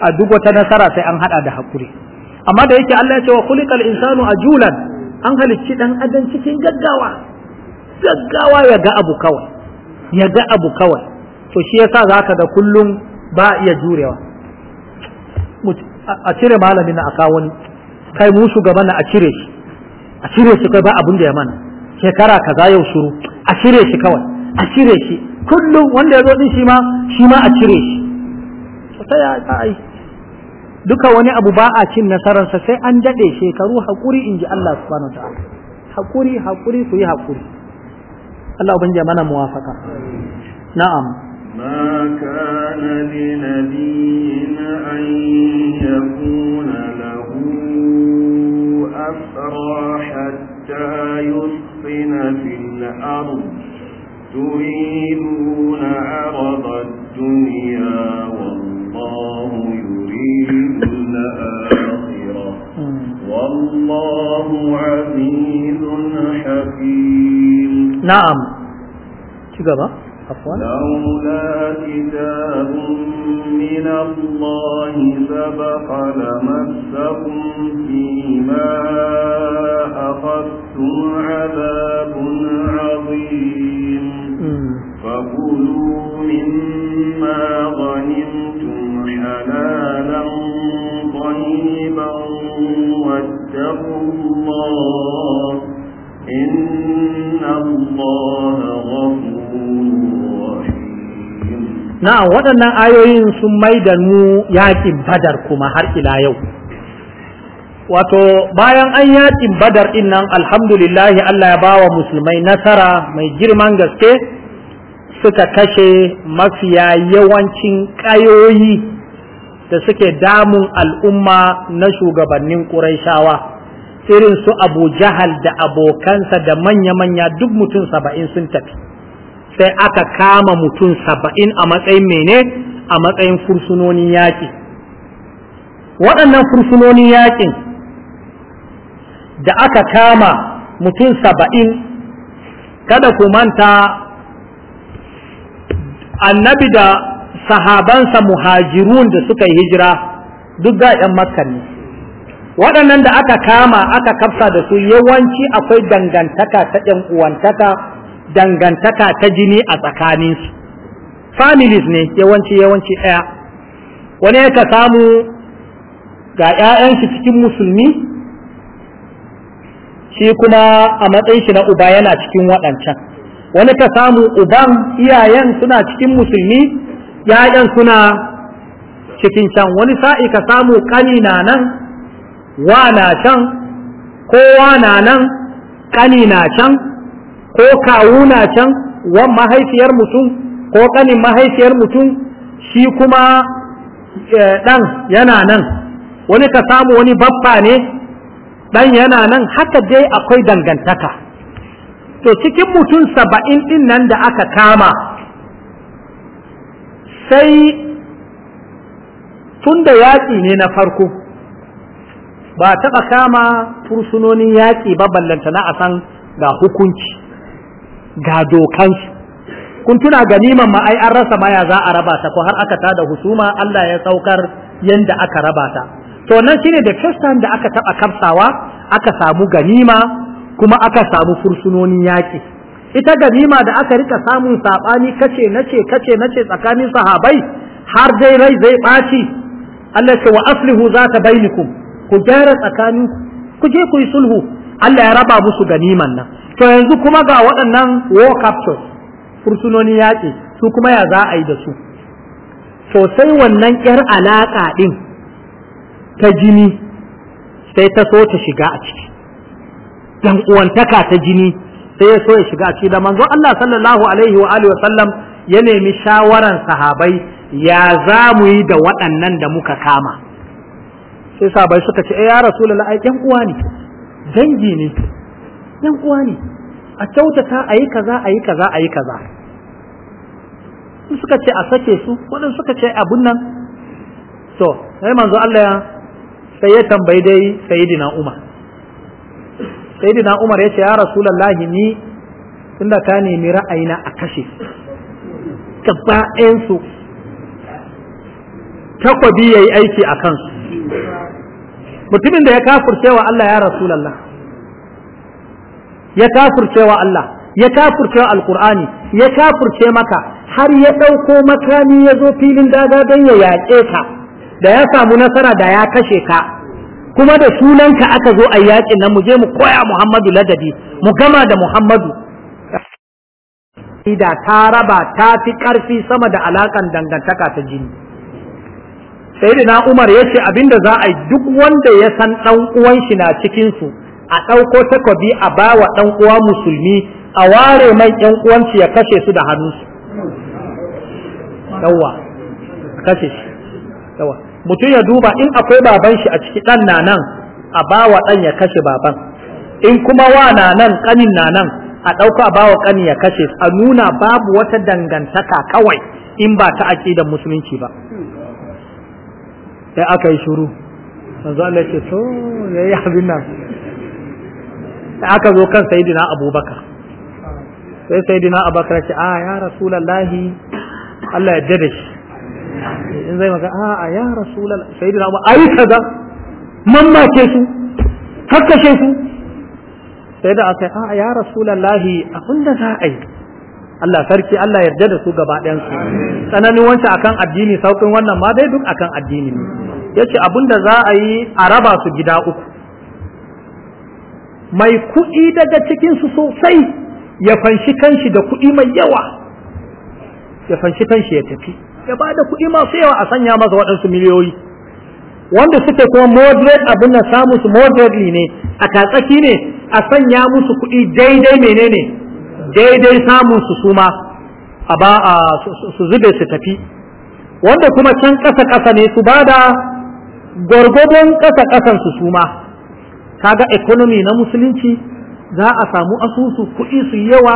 a duk wata nasara sai an hada da hakuri amma da yake Allah ya ce wa khuliqal insanu ajulan an halicci dan adam cikin gaggawa gaggawa ya ga abu kawai ya ga abu kawai to shi yasa zaka da kullum ba iya jurewa a cire malamin a kawo kai mu shugaban na a cire shi a cire shi kai ba abin da ya mana shekara kaza yau shuru a cire shi kawai a cire shi kullum wanda ya zo din shi ma shi ma a cire shi sai ya ai duka wani abu ba a cin nasararsa sai an daɗe shekaru haƙuri in ji Allah subhanahu wa ta'ala haƙuri haƙuri ku yi haƙuri Allah ubangiji mana muwafaka na'am ما كان لنبي أن يكون حتى يثخن في الأرض تريدون عرض الدنيا والله يريد الآخرة والله عزيز حكيم نعم شو لولا كتاب من الله سبق لمسكم فيما أخذتم عذاب عظيم فكلوا مما غنمتم حلالا طيبا واتقوا الله إن الله غفور na'am waɗannan ayoyin sun mai da mu yaƙin badar kuma har ila yau wato bayan an yaƙin badar ɗin nan alhamdulillahi Allah ya bawa musulmai nasara mai girman gaske suka kashe mafiya yawancin ƙayoyi da suke damun al'umma na shugabannin ƙuraishawa irin su abu jahal da abokansa da manya-manya duk mutum saba'in sun tafi sai aka kama mutum saba'in a matsayin mene a matsayin fursunonin yaƙi waɗannan fursunonin yaƙin da aka kama mutum saba'in kada ku manta annabi da sahabansa muhajirun da suka yi hijira duk ga 'yan makka ne waɗannan da aka kama aka kafsa da su yawanci akwai dangantaka ta 'yan uwantaka dangantaka ta jini a tsakaninsu families ne yawanci yawanci ɗaya wani ya ka samu ga 'ya'yan cikin musulmi shi kuma a matsayin shi na uba yana cikin waɗancan wani ka samu uban iyayen suna cikin musulmi 'ya'yan suna cikin can wani sa'i ka samu ƙani nan wa na can kowa na nan ƙani na can ko kawu na can wan mahaifiyar mutum ko ƙanin mahaifiyar mutum shi kuma eh, ɗan yana nan wani ka samu wani babba ne ɗan yana nan haka dai akwai dangantaka to cikin mutum saba'in din nan da aka kama sai tun da yaƙi ne na farko ba taɓa kama fursunonin yaƙi ba ballantana a san ga hukunci ga dokansu kun tuna ganiman ma ai an rasa maya za a raba ta ko har aka tada husuma Allah ya saukar yanda aka raba ta to nan shine da first da aka taba kamsawa aka samu ganima kuma aka samu fursunonin yaki ita ganima da aka rika samun sabani kace nace kace nace tsakanin sahabai har dai rai zai baci Allah ce wa aslihu zata bainakum ku gyara tsakanin ku je ku yi sulhu Allah ya raba musu ganiman nan to yanzu kuma ga waɗannan war captures yaƙi su kuma ya za a yi da su to wannan ƴar alaƙa ɗin ta jini sai ta so ta shiga a ciki dan uwantaka ta jini sai ya so ya shiga a ciki da manzo Allah sallallahu alaihi wa alihi wa sallam ya nemi shawaran sahabai ya za mu yi da waɗannan da muka kama sai sahabai suka ce eh ya rasulullahi ai ƴan uwa ne dangi ne yan uwa ne a kyautata a yi kaza a yi kaza a yi kaza suka ce a sake su waɗansu suka ce abun nan to sai manzo Allah sai ya tambayi dai sayyidina Umar sayyidina Umar ya ce ya rasulullahi ni tunda ka nemi ra'ayina a kashe gaba ɗayan su takwabi yayi aiki a kansu mutumin da ya kafurce wa Allah ya rasulullah ya wa Allah ya wa alkur'ani ya kafurce maka har ya ɗauko makami ya zo filin daga don ya yaƙe ka da ya samu nasara da ya kashe ka kuma da sunanka aka zo a yaƙin nan mu je mu koya Muhammadu ladabi mu gama da Muhammadu da ta raba ta fi ƙarfi sama da alaƙan dangantaka ta jini sai umar ya ce abinda za a yi duk wanda ya san ɗan uwan shi na cikinsu a ɗauko takobi a ba wa ɗan uwa musulmi a ware mai ɗan uwanci ya kashe su da su yawa kashe shi yawa mutum ya duba in akwai baban shi a ciki ɗan na nan a ba wa ɗan ya kashe baban in kuma wa na nan ƙanin na nan a ɗauka a ba wa ƙani ya kashe a nuna babu wata dangantaka kawai in ba ta aƙidar musulunci ba sai aka yi shuru manzo Allah ce to yayi abin nan aka zo kan sayidina abubakar sai sayidina abubakar ce a ah, ya rasulallahi Allah ya jade shi in zai maka a ah, ya rasulallahi sayidina abu ayi kaza mamake su kakkashe su sai da aka a ah, ya rasulallahi abinda za a yi Allah sarki Allah ya da su gaba ɗayan su tsananin wancan akan addini saukin wannan ma dai duk akan addini ne yace abinda za a yi a raba su gida uku mai kuɗi daga cikinsu sosai ya fanshi kanshi da kuɗi mai yawa ya fanshi kanshi ya tafi ya ba da kuɗi masu yawa a sanya masa waɗansu miliyoyi wanda suke kuma moderate abin da samu su moderately ne a katsaki ne a sanya musu kuɗi daidai menene daidai samun su suma a ba a su zube su tafi wanda kuma can ƙasa ƙasa ne su ba da gwargwadon ƙasa ƙasan su suma kaga economy na musulunci za a samu asusu kuɗi su yawa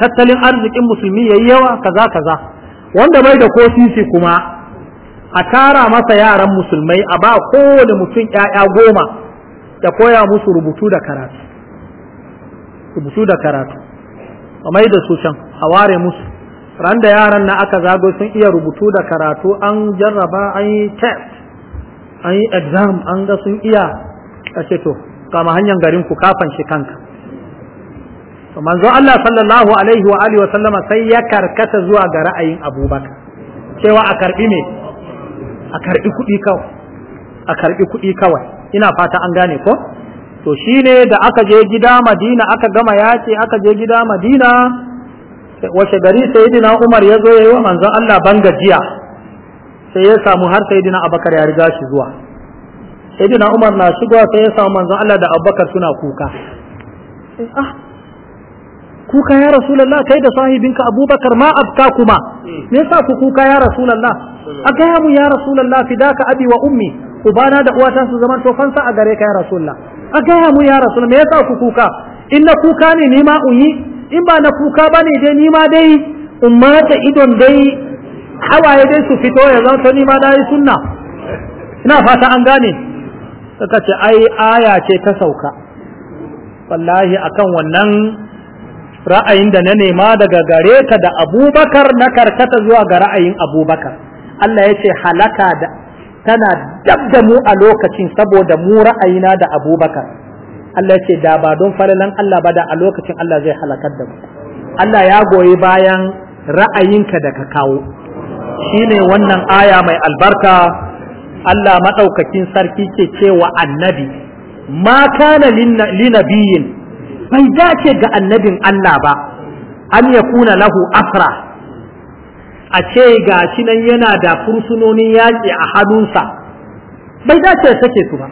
tattalin arzikin musulmi yayi yawa kaza kaza wanda bai da ko sisi kuma a tara masa yaran musulmai a ba kowane mutum ‘ya'ya goma ya koya musu rubutu da karatu rubutu da karatu a mai da su a ware musu ran da yaran na aka zago sun iya rubutu da karatu an jarraba an yi test an yi exam an ga sun iya a to kama hanyar garin ku kafan shi kanka to manzo Allah sallallahu alaihi wa alihi wa sallama sai ya karkata zuwa ga ra'ayin Abubakar cewa a karbi me a karbi kuɗi kawai a karbi kuɗi kawai ina fata an gane ko to shine da aka je gida Madina aka gama yaƙi aka je gida Madina wace gari sayyidina Umar ya zo yayi wa manzon Allah bangajiya sai ya samu har sayyidina Abubakar ya riga shi zuwa sayyidina Umar na shigowa sai ya samu manzon Allah da Abubakar suna kuka ah kuka ya rasulullah kai da sahibinka Abubakar ma abka kuma hmm. me yasa ku kuka ya A gaya yamu ya rasulullah fidaka abi wa ummi ubana da uwata su zaman to fansa a gare ka ya A gaya yamu ya rasulullah me yasa ku kuka in na kuka ne ni ma uyi in ba na kuka ba ne dai ni ma dai umma ta idon dai hawaye dai su fito ya zan ni ma dai sunna ina fata an gane suka ce ai aya ce ta sauka wallahi akan wannan ra'ayin da na nema daga gare ka da abubakar na karkata zuwa ga ra'ayin abubakar Allah ya ce halaka da tana dab da mu a lokacin saboda mu ra'ayina da abubakar Allah ya ce da ba don farilan Allah ba da a lokacin Allah zai halakar da mu Allah ya goyi bayan ra'ayinka da ka kawo shine wannan aya mai albarka Allah maɗaukakin sarki ke cewa annabi ma kana linabiyin bai dace ga annabin Allah ba an ya kuna lahu afra a ce ga shi nan yana da fursunonin yaƙi a hannunsa bai dace ya sake su ba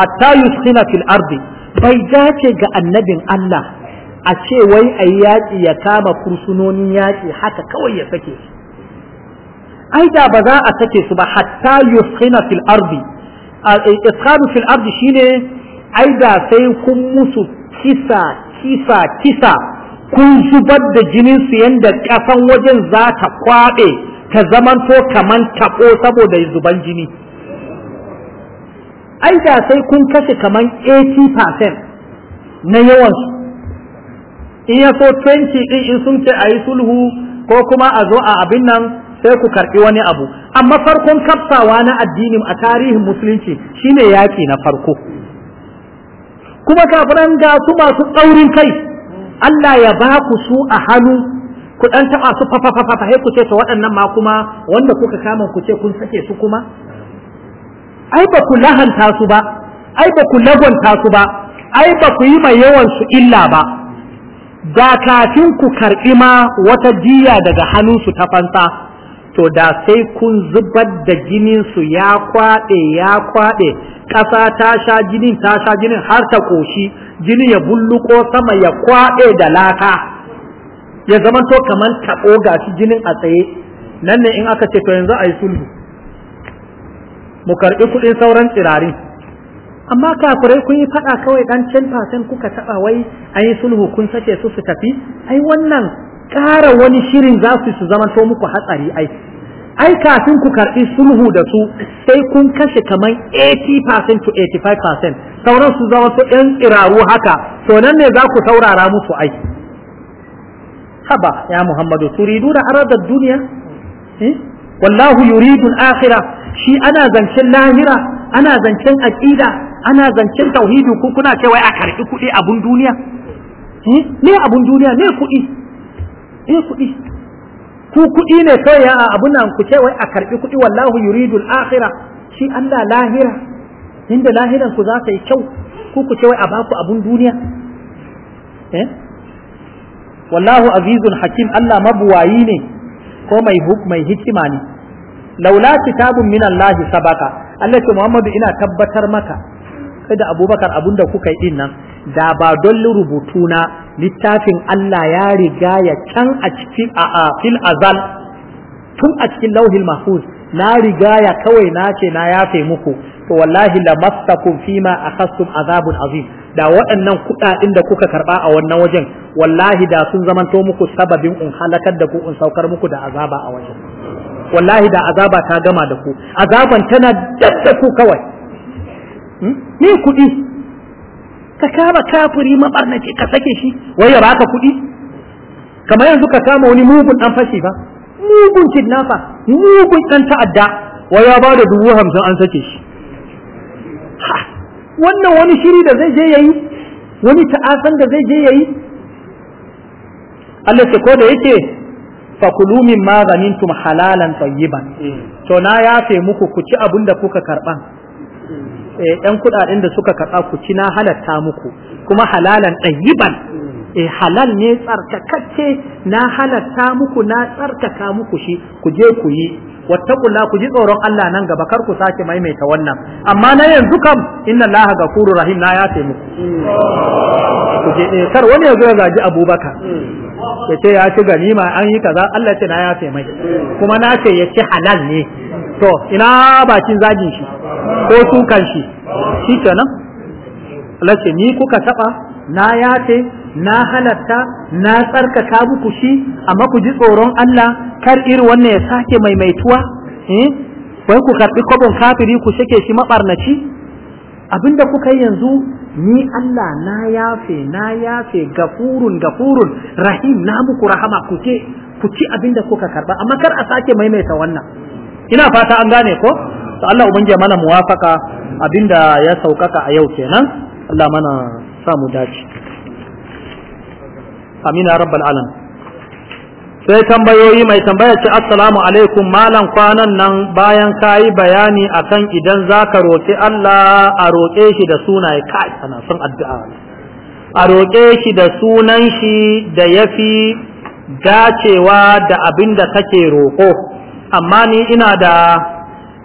hatta yuskina fil ardi bai dace ga annabin Allah a ce wai ayi yaƙi ya kama fursunonin yaƙi haka kawai ya sake su ai da ba za a sake su ba hatta yuskhina fil ardi e, iskhanu fil ardi shine ai da sai kun musu kisa kisa kisa kun zubar da jinin su yanda kasan wajen za ta kwabe ta zamanto kaman tabo saboda zuban jini ai da sai kun kashe kaman 80% na yawan su in ya so 20 din in sun ce ayi sulhu ko kuma a zo a abin nan sai ku karɓi wani abu amma farkon kafsawa na addinin a tarihin musulunci shine yaƙi na farko kuma kafiran ga su masu tsaurin kai Allah ya ba ku su a hannu ku dan taba su fa fa fa ku ce to waɗannan ma kuma wanda kuka kama ku ce kun sake su kuma ai ba ku lahanta su ba ai ba ku ta su ba ai ba ku yi mai yawan su illa ba ga kafin ku karɓi ma wata jiya daga su ta fansa to da sai kun zubar da jinin su ya kwaɗe ya kwaɗe ƙasa ta sha jinin ta sha jinin har ta ƙoshi jini ya bulluko sama ya kwaɗe da laka ya zamanto kamar ga shi jinin a tsaye nan ne in aka ce to yanzu a yi sulhu mu karɓi kuɗin sauran tsirari amma kafirai kun yi faɗa kawai ɗan 10% kuka taɓa wai an sulhu kun sace su su tafi ai wannan ƙara wani shirin za su su to muku hatsari ai ai kafin ku karɓi sulhu da su sai kun kashe kamar 80% to 85% sauran su zama su ɗan tsiraru haka to nan ne za ku taurara musu ai haba ya muhammadu turidu da aradar duniya eh? wallahu yuridu akhira shi ana zancen lahira ana zancen aqida ana zancen tauhidi ku kuna cewa a karɓi kuɗi abun duniya ne eh? abun duniya ne kuɗi eh kuɗi ku kuɗi ne kawai a abun nan ku ce wai a karɓi kuɗi wallahu yuridu al-akhirah shi Allah lahira inda lahiran ku za ta yi kyau ku ku ce wai a baku abun duniya eh wallahu azizun hakim Allah mabuwayi ne ko mai mai hikima ne laula kitabun min Allah sabaka Allah ce Muhammadu ina tabbatar maka da Abubakar abunda kuka yi din nan da ba don na littafin Allah ya riga ya can a cikin a fil azal tun a cikin lauhil mahfuz na riga ya kawai na ce na yafe muku to wallahi la mastakum fima akhastum azabun azim da waɗannan kuɗaɗen da kuka karɓa a wannan wajen wallahi da sun zamanto muku sababin in halakar da ku in saukar muku da azaba a wajen wallahi da azaba ta gama da ku azaban tana dadda ku kawai hmm? ni kuɗi ka kama kafiri mabarnaci ka sake shi wai ya baka kuɗi kamar yanzu ka kama wani mugun dan fashi ba mugun kidnapper mugun dan ta'adda wai ya bada dubu hamsin an sake shi wannan wani shiri da zai je yayi wani ta'asan da zai je yayi Allah ce ko da yake fakulu min ma zanintum halalan tayyiban mm. to na yafe muku ku ci abin da kuka karban Eh, yan kuɗaɗen da suka karɓa ku ci na halatta muku kuma halalan ɗayyiban e eh, halal ne tsarkakacce na halatta muku na tsarkaka muku shi ku je ku yi wattaqulla ku ji tsoron Allah nan gaba kar ku sake maimaita wannan amma na yanzu kam inna Allah gafurur rahim na ya muku ku je eh, kar wani ya zo ya gaji Abubakar ya ce ya ci ma an yi kaza Allah ce na ya mai kuma na ce ya ci halal ne to ina bakin zagin shi ko sukan shi shi kenan lace ni kuka taɓa na yace na halatta na tsarkaka muku shi amma ku ji tsoron Allah kar iri wannan ya sake maimaituwa eh wai ku karbi kobon kafiri ku shake shi mabarnaci abinda kuka yi yanzu ni Allah na yafe na yafe gafurun gafurun rahim na muku rahama ku ce ku ci abinda kuka karba amma kar a sake maimaita wannan ina fata an gane ko to Allah ubangiji mana muwafaka abinda ya saukaka a yau kenan Allah mana samu dace amina rabbal alam sai tambayoyi mai tambaya ce assalamu alaikum malam kwanan nan bayan kayi bayani akan idan zaka roƙi Allah a roƙe shi da sunaye kai ana son addu'a a roƙe shi da sunan shi da yafi dacewa da abin da kake roƙo amma ni ina da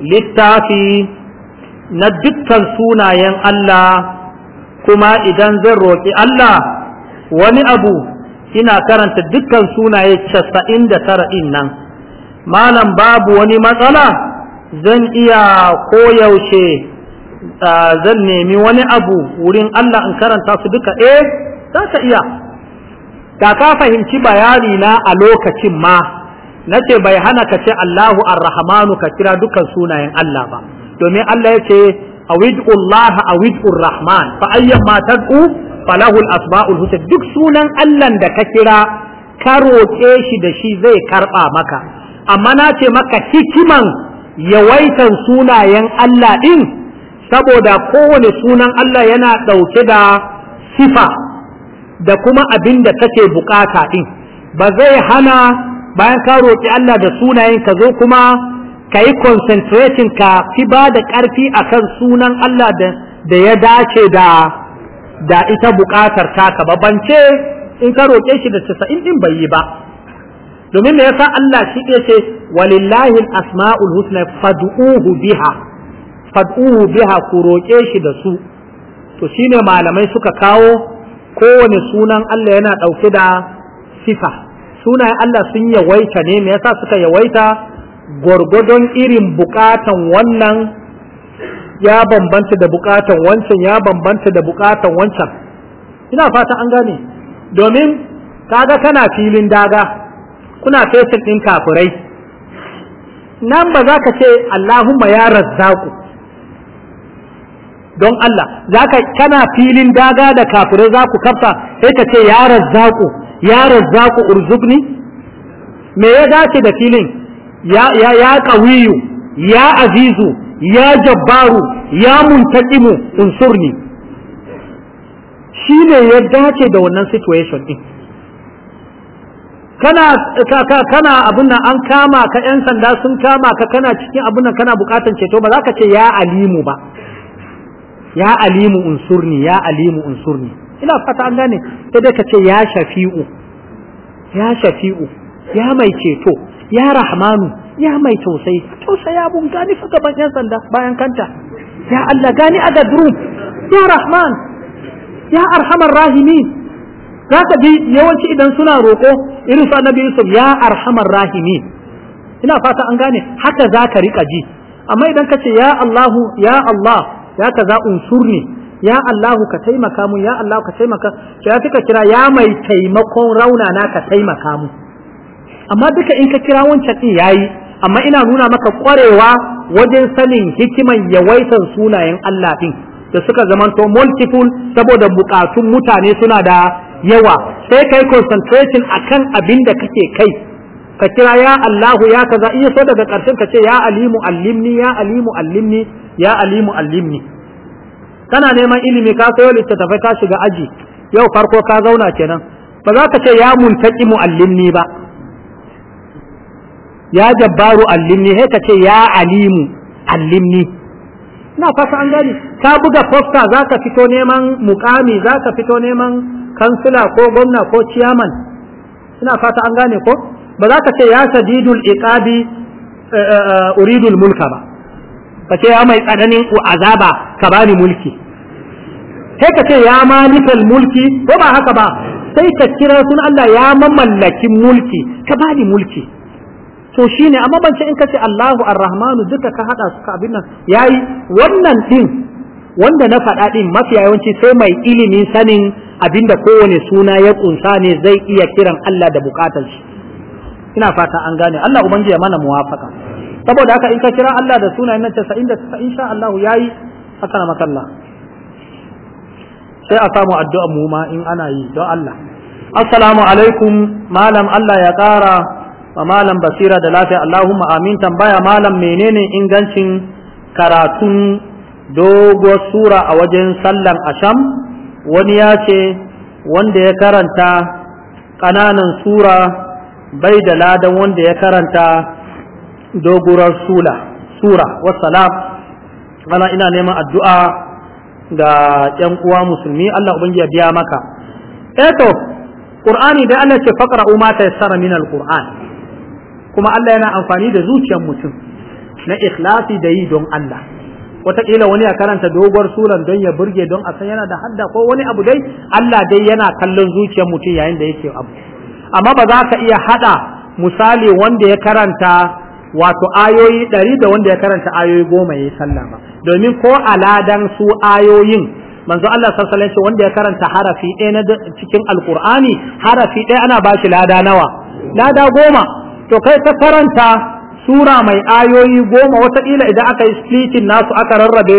littafi na dukkan sunayen Allah kuma idan zan roƙi Allah wani abu ina karanta dukkan sunaye casa'in da tara nan malam babu wani matsala zan iya koyaushe zan nemi wani abu wurin Allah in karanta su duka eh za ka iya da ka fahimci bayani na a lokacin ma na ce bai hana ka ce Allahu ar ka kira dukkan sunayen Allah ba domin Allah ya ce awid'u Allah awid'u Rahman fa ayyan ma tad'u falahu al-asma'ul husna duk sunan Allah da ka kira ka roƙe shi da shi zai karba maka amma na ce maka hikiman yawaitan sunayen Allah din saboda kowane sunan Allah yana ɗauke da sifa da kuma abin da kake bukata din ba zai hana bayan ka roƙi Allah da sunayen ka zo kuma ka yi concentrating ka fi ba da ƙarfi akan sunan Allah da ya dace da da ita buƙatar taka babance in ka roƙe shi da casa'in ɗin bai yi ba domin me yasa Allah shi ya ce walillahi asma'ul husna fad'uhu biha fad'uhu biha ku roƙe shi da su to shine malamai suka kawo kowane sunan Allah yana ɗauke da sifa sunayen Allah sun yawaita ne me yasa suka yawaita gwargwadon irin bukatan wannan ya bambanta da bukatan wancan ya bambanta da bukatan wancan ina fata an gane domin kaga kana filin daga kuna fesin ɗin kafirai nan ba za ka ce Allahumma ya razzaku don Allah za ka kana filin daga da kafirai za ku kafa sai ka ce ya razzaku ya razzaku urzugni? me ya dace da filin ya ya ya ya azizu ya jabbaru ya muntaqimu unsurni shine ya dace da wannan situation din kana kana abin nan an kama ka yan sanda sun kama ka kana cikin abin nan kana bukatan ceto ba za ka ce ya alimu ba ya alimu unsurni ya alimu unsurni ina fata an gane sai dai ka ce ya shafi'u ya shafi'u ya mai ceto ya rahmanu ya mai tausayi tausaya mun gani fa gaban yan sanda bayan kanta ya Allah gani a gadru ya rahman ya arhamar rahimin za ka bi yawanci idan suna roƙo irin su annabi Yusuf ya arhamar rahimin ina fata an gane haka za ka riƙa ji amma idan ka ce ya Allahu ya Allah ya ka kaza unsurni ya Allahu ka taimaka mu ya Allahu ka taimaka ya kika kira ya mai taimakon raunana ka taimaka mu amma duka in ka kira wancan din yayi amma ina nuna maka kwarewa wajen sanin hikiman ya'waitar sunayen Allah din da suka zamanto multiple saboda bukatun mutane suna da yawa sai kai concentration akan abin da kake kai ka kira ya Allahu ya kaza iya so daga ƙarshen ka ce ya alimu allimni ya alimu allimni ya alimu allimni kana neman ilimi ka sayo littattafai ka shiga aji yau farko ka zauna kenan ba za ka ce ya muntaki mu ba ya jabbaru allimni sai ka ce ya alimu allimni na fata an gani ka buga posta za ka fito neman mukami za ka fito neman kansila ko gwamna ko ciyaman ina fata an gane ko ba za ka ce ya sadidul iqabi eh, eh, eh, uridul mulka ba ka ce ya mai tsananin azaba ka bani mulki sai ka ce ya malikal mulki ko ba haka ba sai ka kira sun Allah ya mamallakin mulki ka bani mulki to ne amma ban ce in ce Allahu Ar-Rahmanu duka ka haɗa su ka abin nan yi wannan ɗin, wanda na faɗa ɗin, mafi yawanci sai mai ilimin sanin abinda kowane suna ya ƙunsa ne zai iya kiran Allah da bukatar shi ina fata an gane Allah ubangiji ya mana muwafaka saboda haka in ka kira Allah da sunayen nan 99 insha Allah yi, haka na Allah sai a samu addu'a mu ma in ana yi don Allah assalamu alaikum malam Allah ya ƙara wa malam basira da lafiya Allahumma amin tambaya malam menene ingancin karatun dogo sura a wajen sallan asham wani ya ce wanda ya karanta ƙananan sura bai da ladan wanda ya karanta dogurar sura wassalam ana ina neman addu'a ga 'yan uwa musulmi Allah ubangiji biya maka eh to qur'ani da Allah ce faqra'u ma tayassara min al-qur'an kuma Allah yana amfani da zuciyar mutum na ikhlasi da yi don Allah wataƙila wani ya karanta doguwar suran don ya burge don a san yana da hadda ko wani abu dai Allah dai yana kallon zuciyar mutum yayin da yake abu amma ba za ka iya hada misali wanda ya karanta wato ayoyi ɗari da wanda ya karanta ayoyi goma ya yi sallah ba domin ko aladan su ayoyin manzo Allah sallallahu alaihi wanda ya karanta harafi ɗaya na cikin alkur'ani harafi ɗaya ana ba shi lada nawa lada goma to kai ta karanta sura mai ayoyi goma wataƙila idan aka yi splitin nasu aka rarrabe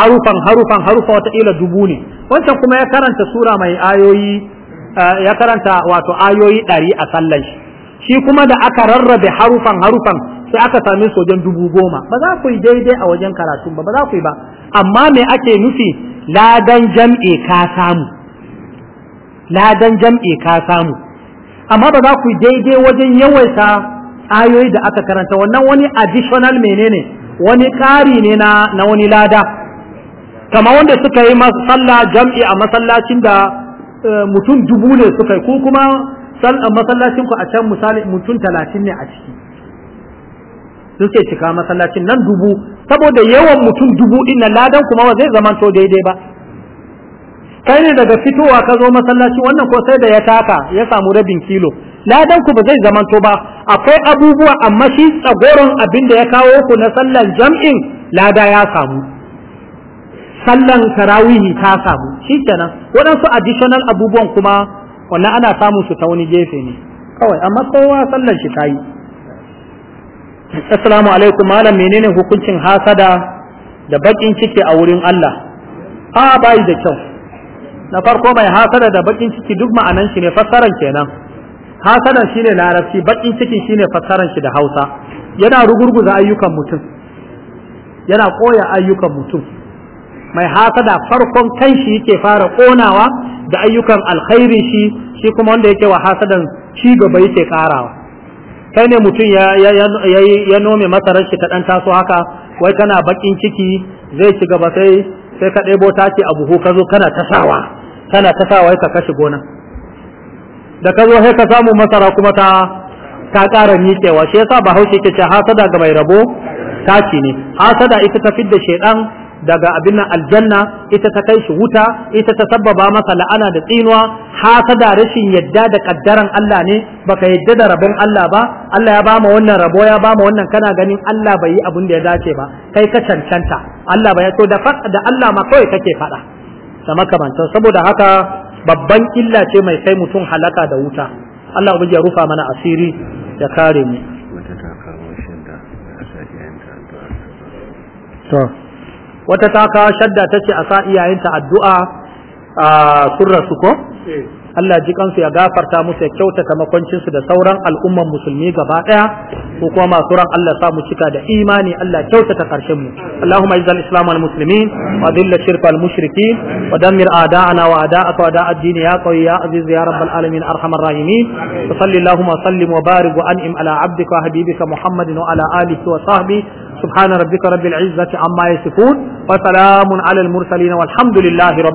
harufan harufan harufan wataƙila dubu ne wancan kuma ya karanta sura mai ayoyi eh, ya karanta wato ayoyi ɗari a sallan shi shi kuma da aka rarrabe harufan harufan sai aka sami su wajen dubu goma ba za ku yi daidai a wajen karatun ba ba za ku yi ba amma me ake nufi ladan jam'i ka samu ladan jam'i ka samu amma ba za ku daidai wajen yawaita ayoyi da aka karanta wannan wani additional menene wani ƙari ne na na wani lada kama wanda suka yi sallah jam'i a masallacin da eh, mutum dubu ne suka yi ko kuma masallacin ku a can misali mutum talatin ne a ciki suke cika masallacin nan dubu saboda yawan mutum dubu din ladan kuma ba zai zamanta daidai ba kai ne daga fitowa ka zo masallaci wannan ko sai da ya taka ya samu rabin kilo ladan ku ba zai zamanto ba akwai abubuwa amma shi tsagoron abin da ya kawo ku na sallan jam'in lada ya samu sallan tarawihi ta samu shi kenan waɗansu additional abubuwan kuma wannan ana samu su ta wani gefe ne kawai amma kowa sallan shi ta yi assalamu alaikum malam menene hukuncin hasada da bakin ciki a wurin Allah a bai da kyau na farko mai hasada da bakin ciki duk ma'anan shi ne fassaran kenan hasadan shine larabci bakin ciki shine fassaran shi da Hausa yana rugurguza ayyukan mutum yana koya ayyukan mutum mai hasada farkon kai shi yake fara konawa da ayyukan alkhairi shi shi kuma wanda yake wa hasadan ci gaba yake karawa kai ne mutum ya ya nome masarar shi ta dan taso haka wai kana bakin ciki zai ci gaba sai sai ka ɗebo taki a buhu ka zo kana tasawa kana sawa ka kashe gona da ka zo sai ka samu masara kuma ta ta ƙara miƙewa shi yasa bahaushe ke ce hasada ga mai rabo taki ne hasada ita ta fidda shedan daga abin nan aljanna ita ta kai shi wuta ita ta sabbaba masa la'ana da tsinuwa hasada rashin yadda da kaddaran Allah ne baka yadda da rabon Allah ba Allah ya bama wannan rabo ya bama wannan kana ganin Allah bai yi abin da ya dace ba kai ka cancanta Allah bai so da da Allah ma kawai kake faɗa da makamantan saboda haka babban illa ce mai kai mutum halaka da wuta Allah ubangiji ya rufa mana asiri ya kare mu to wata ta kawo shadda ta ce a sa iyayenta addu'a a ah, surra rasu ko eh. Allah ji ya gafarta musu ya kyautata makwancinsu da sauran al'umman musulmi gaba ɗaya ko kuma masu ran Allah sa mu cika da imani Allah kyautata karshen mu Allahumma izal islam al muslimin wa dhilla shirk al mushrikin wa dammir a'da'ana wa a'da'aka wa da'a ad-din ya qawi ya aziz ya rabbal alamin arhamar rahimin wa salli Allahumma sallim wa barik wa an'im ala abdika wa habibika Muhammadin wa ala alihi wa sahbihi سبحان ربك رب العزة عما يصفون وسلام على المرسلين والحمد لله رب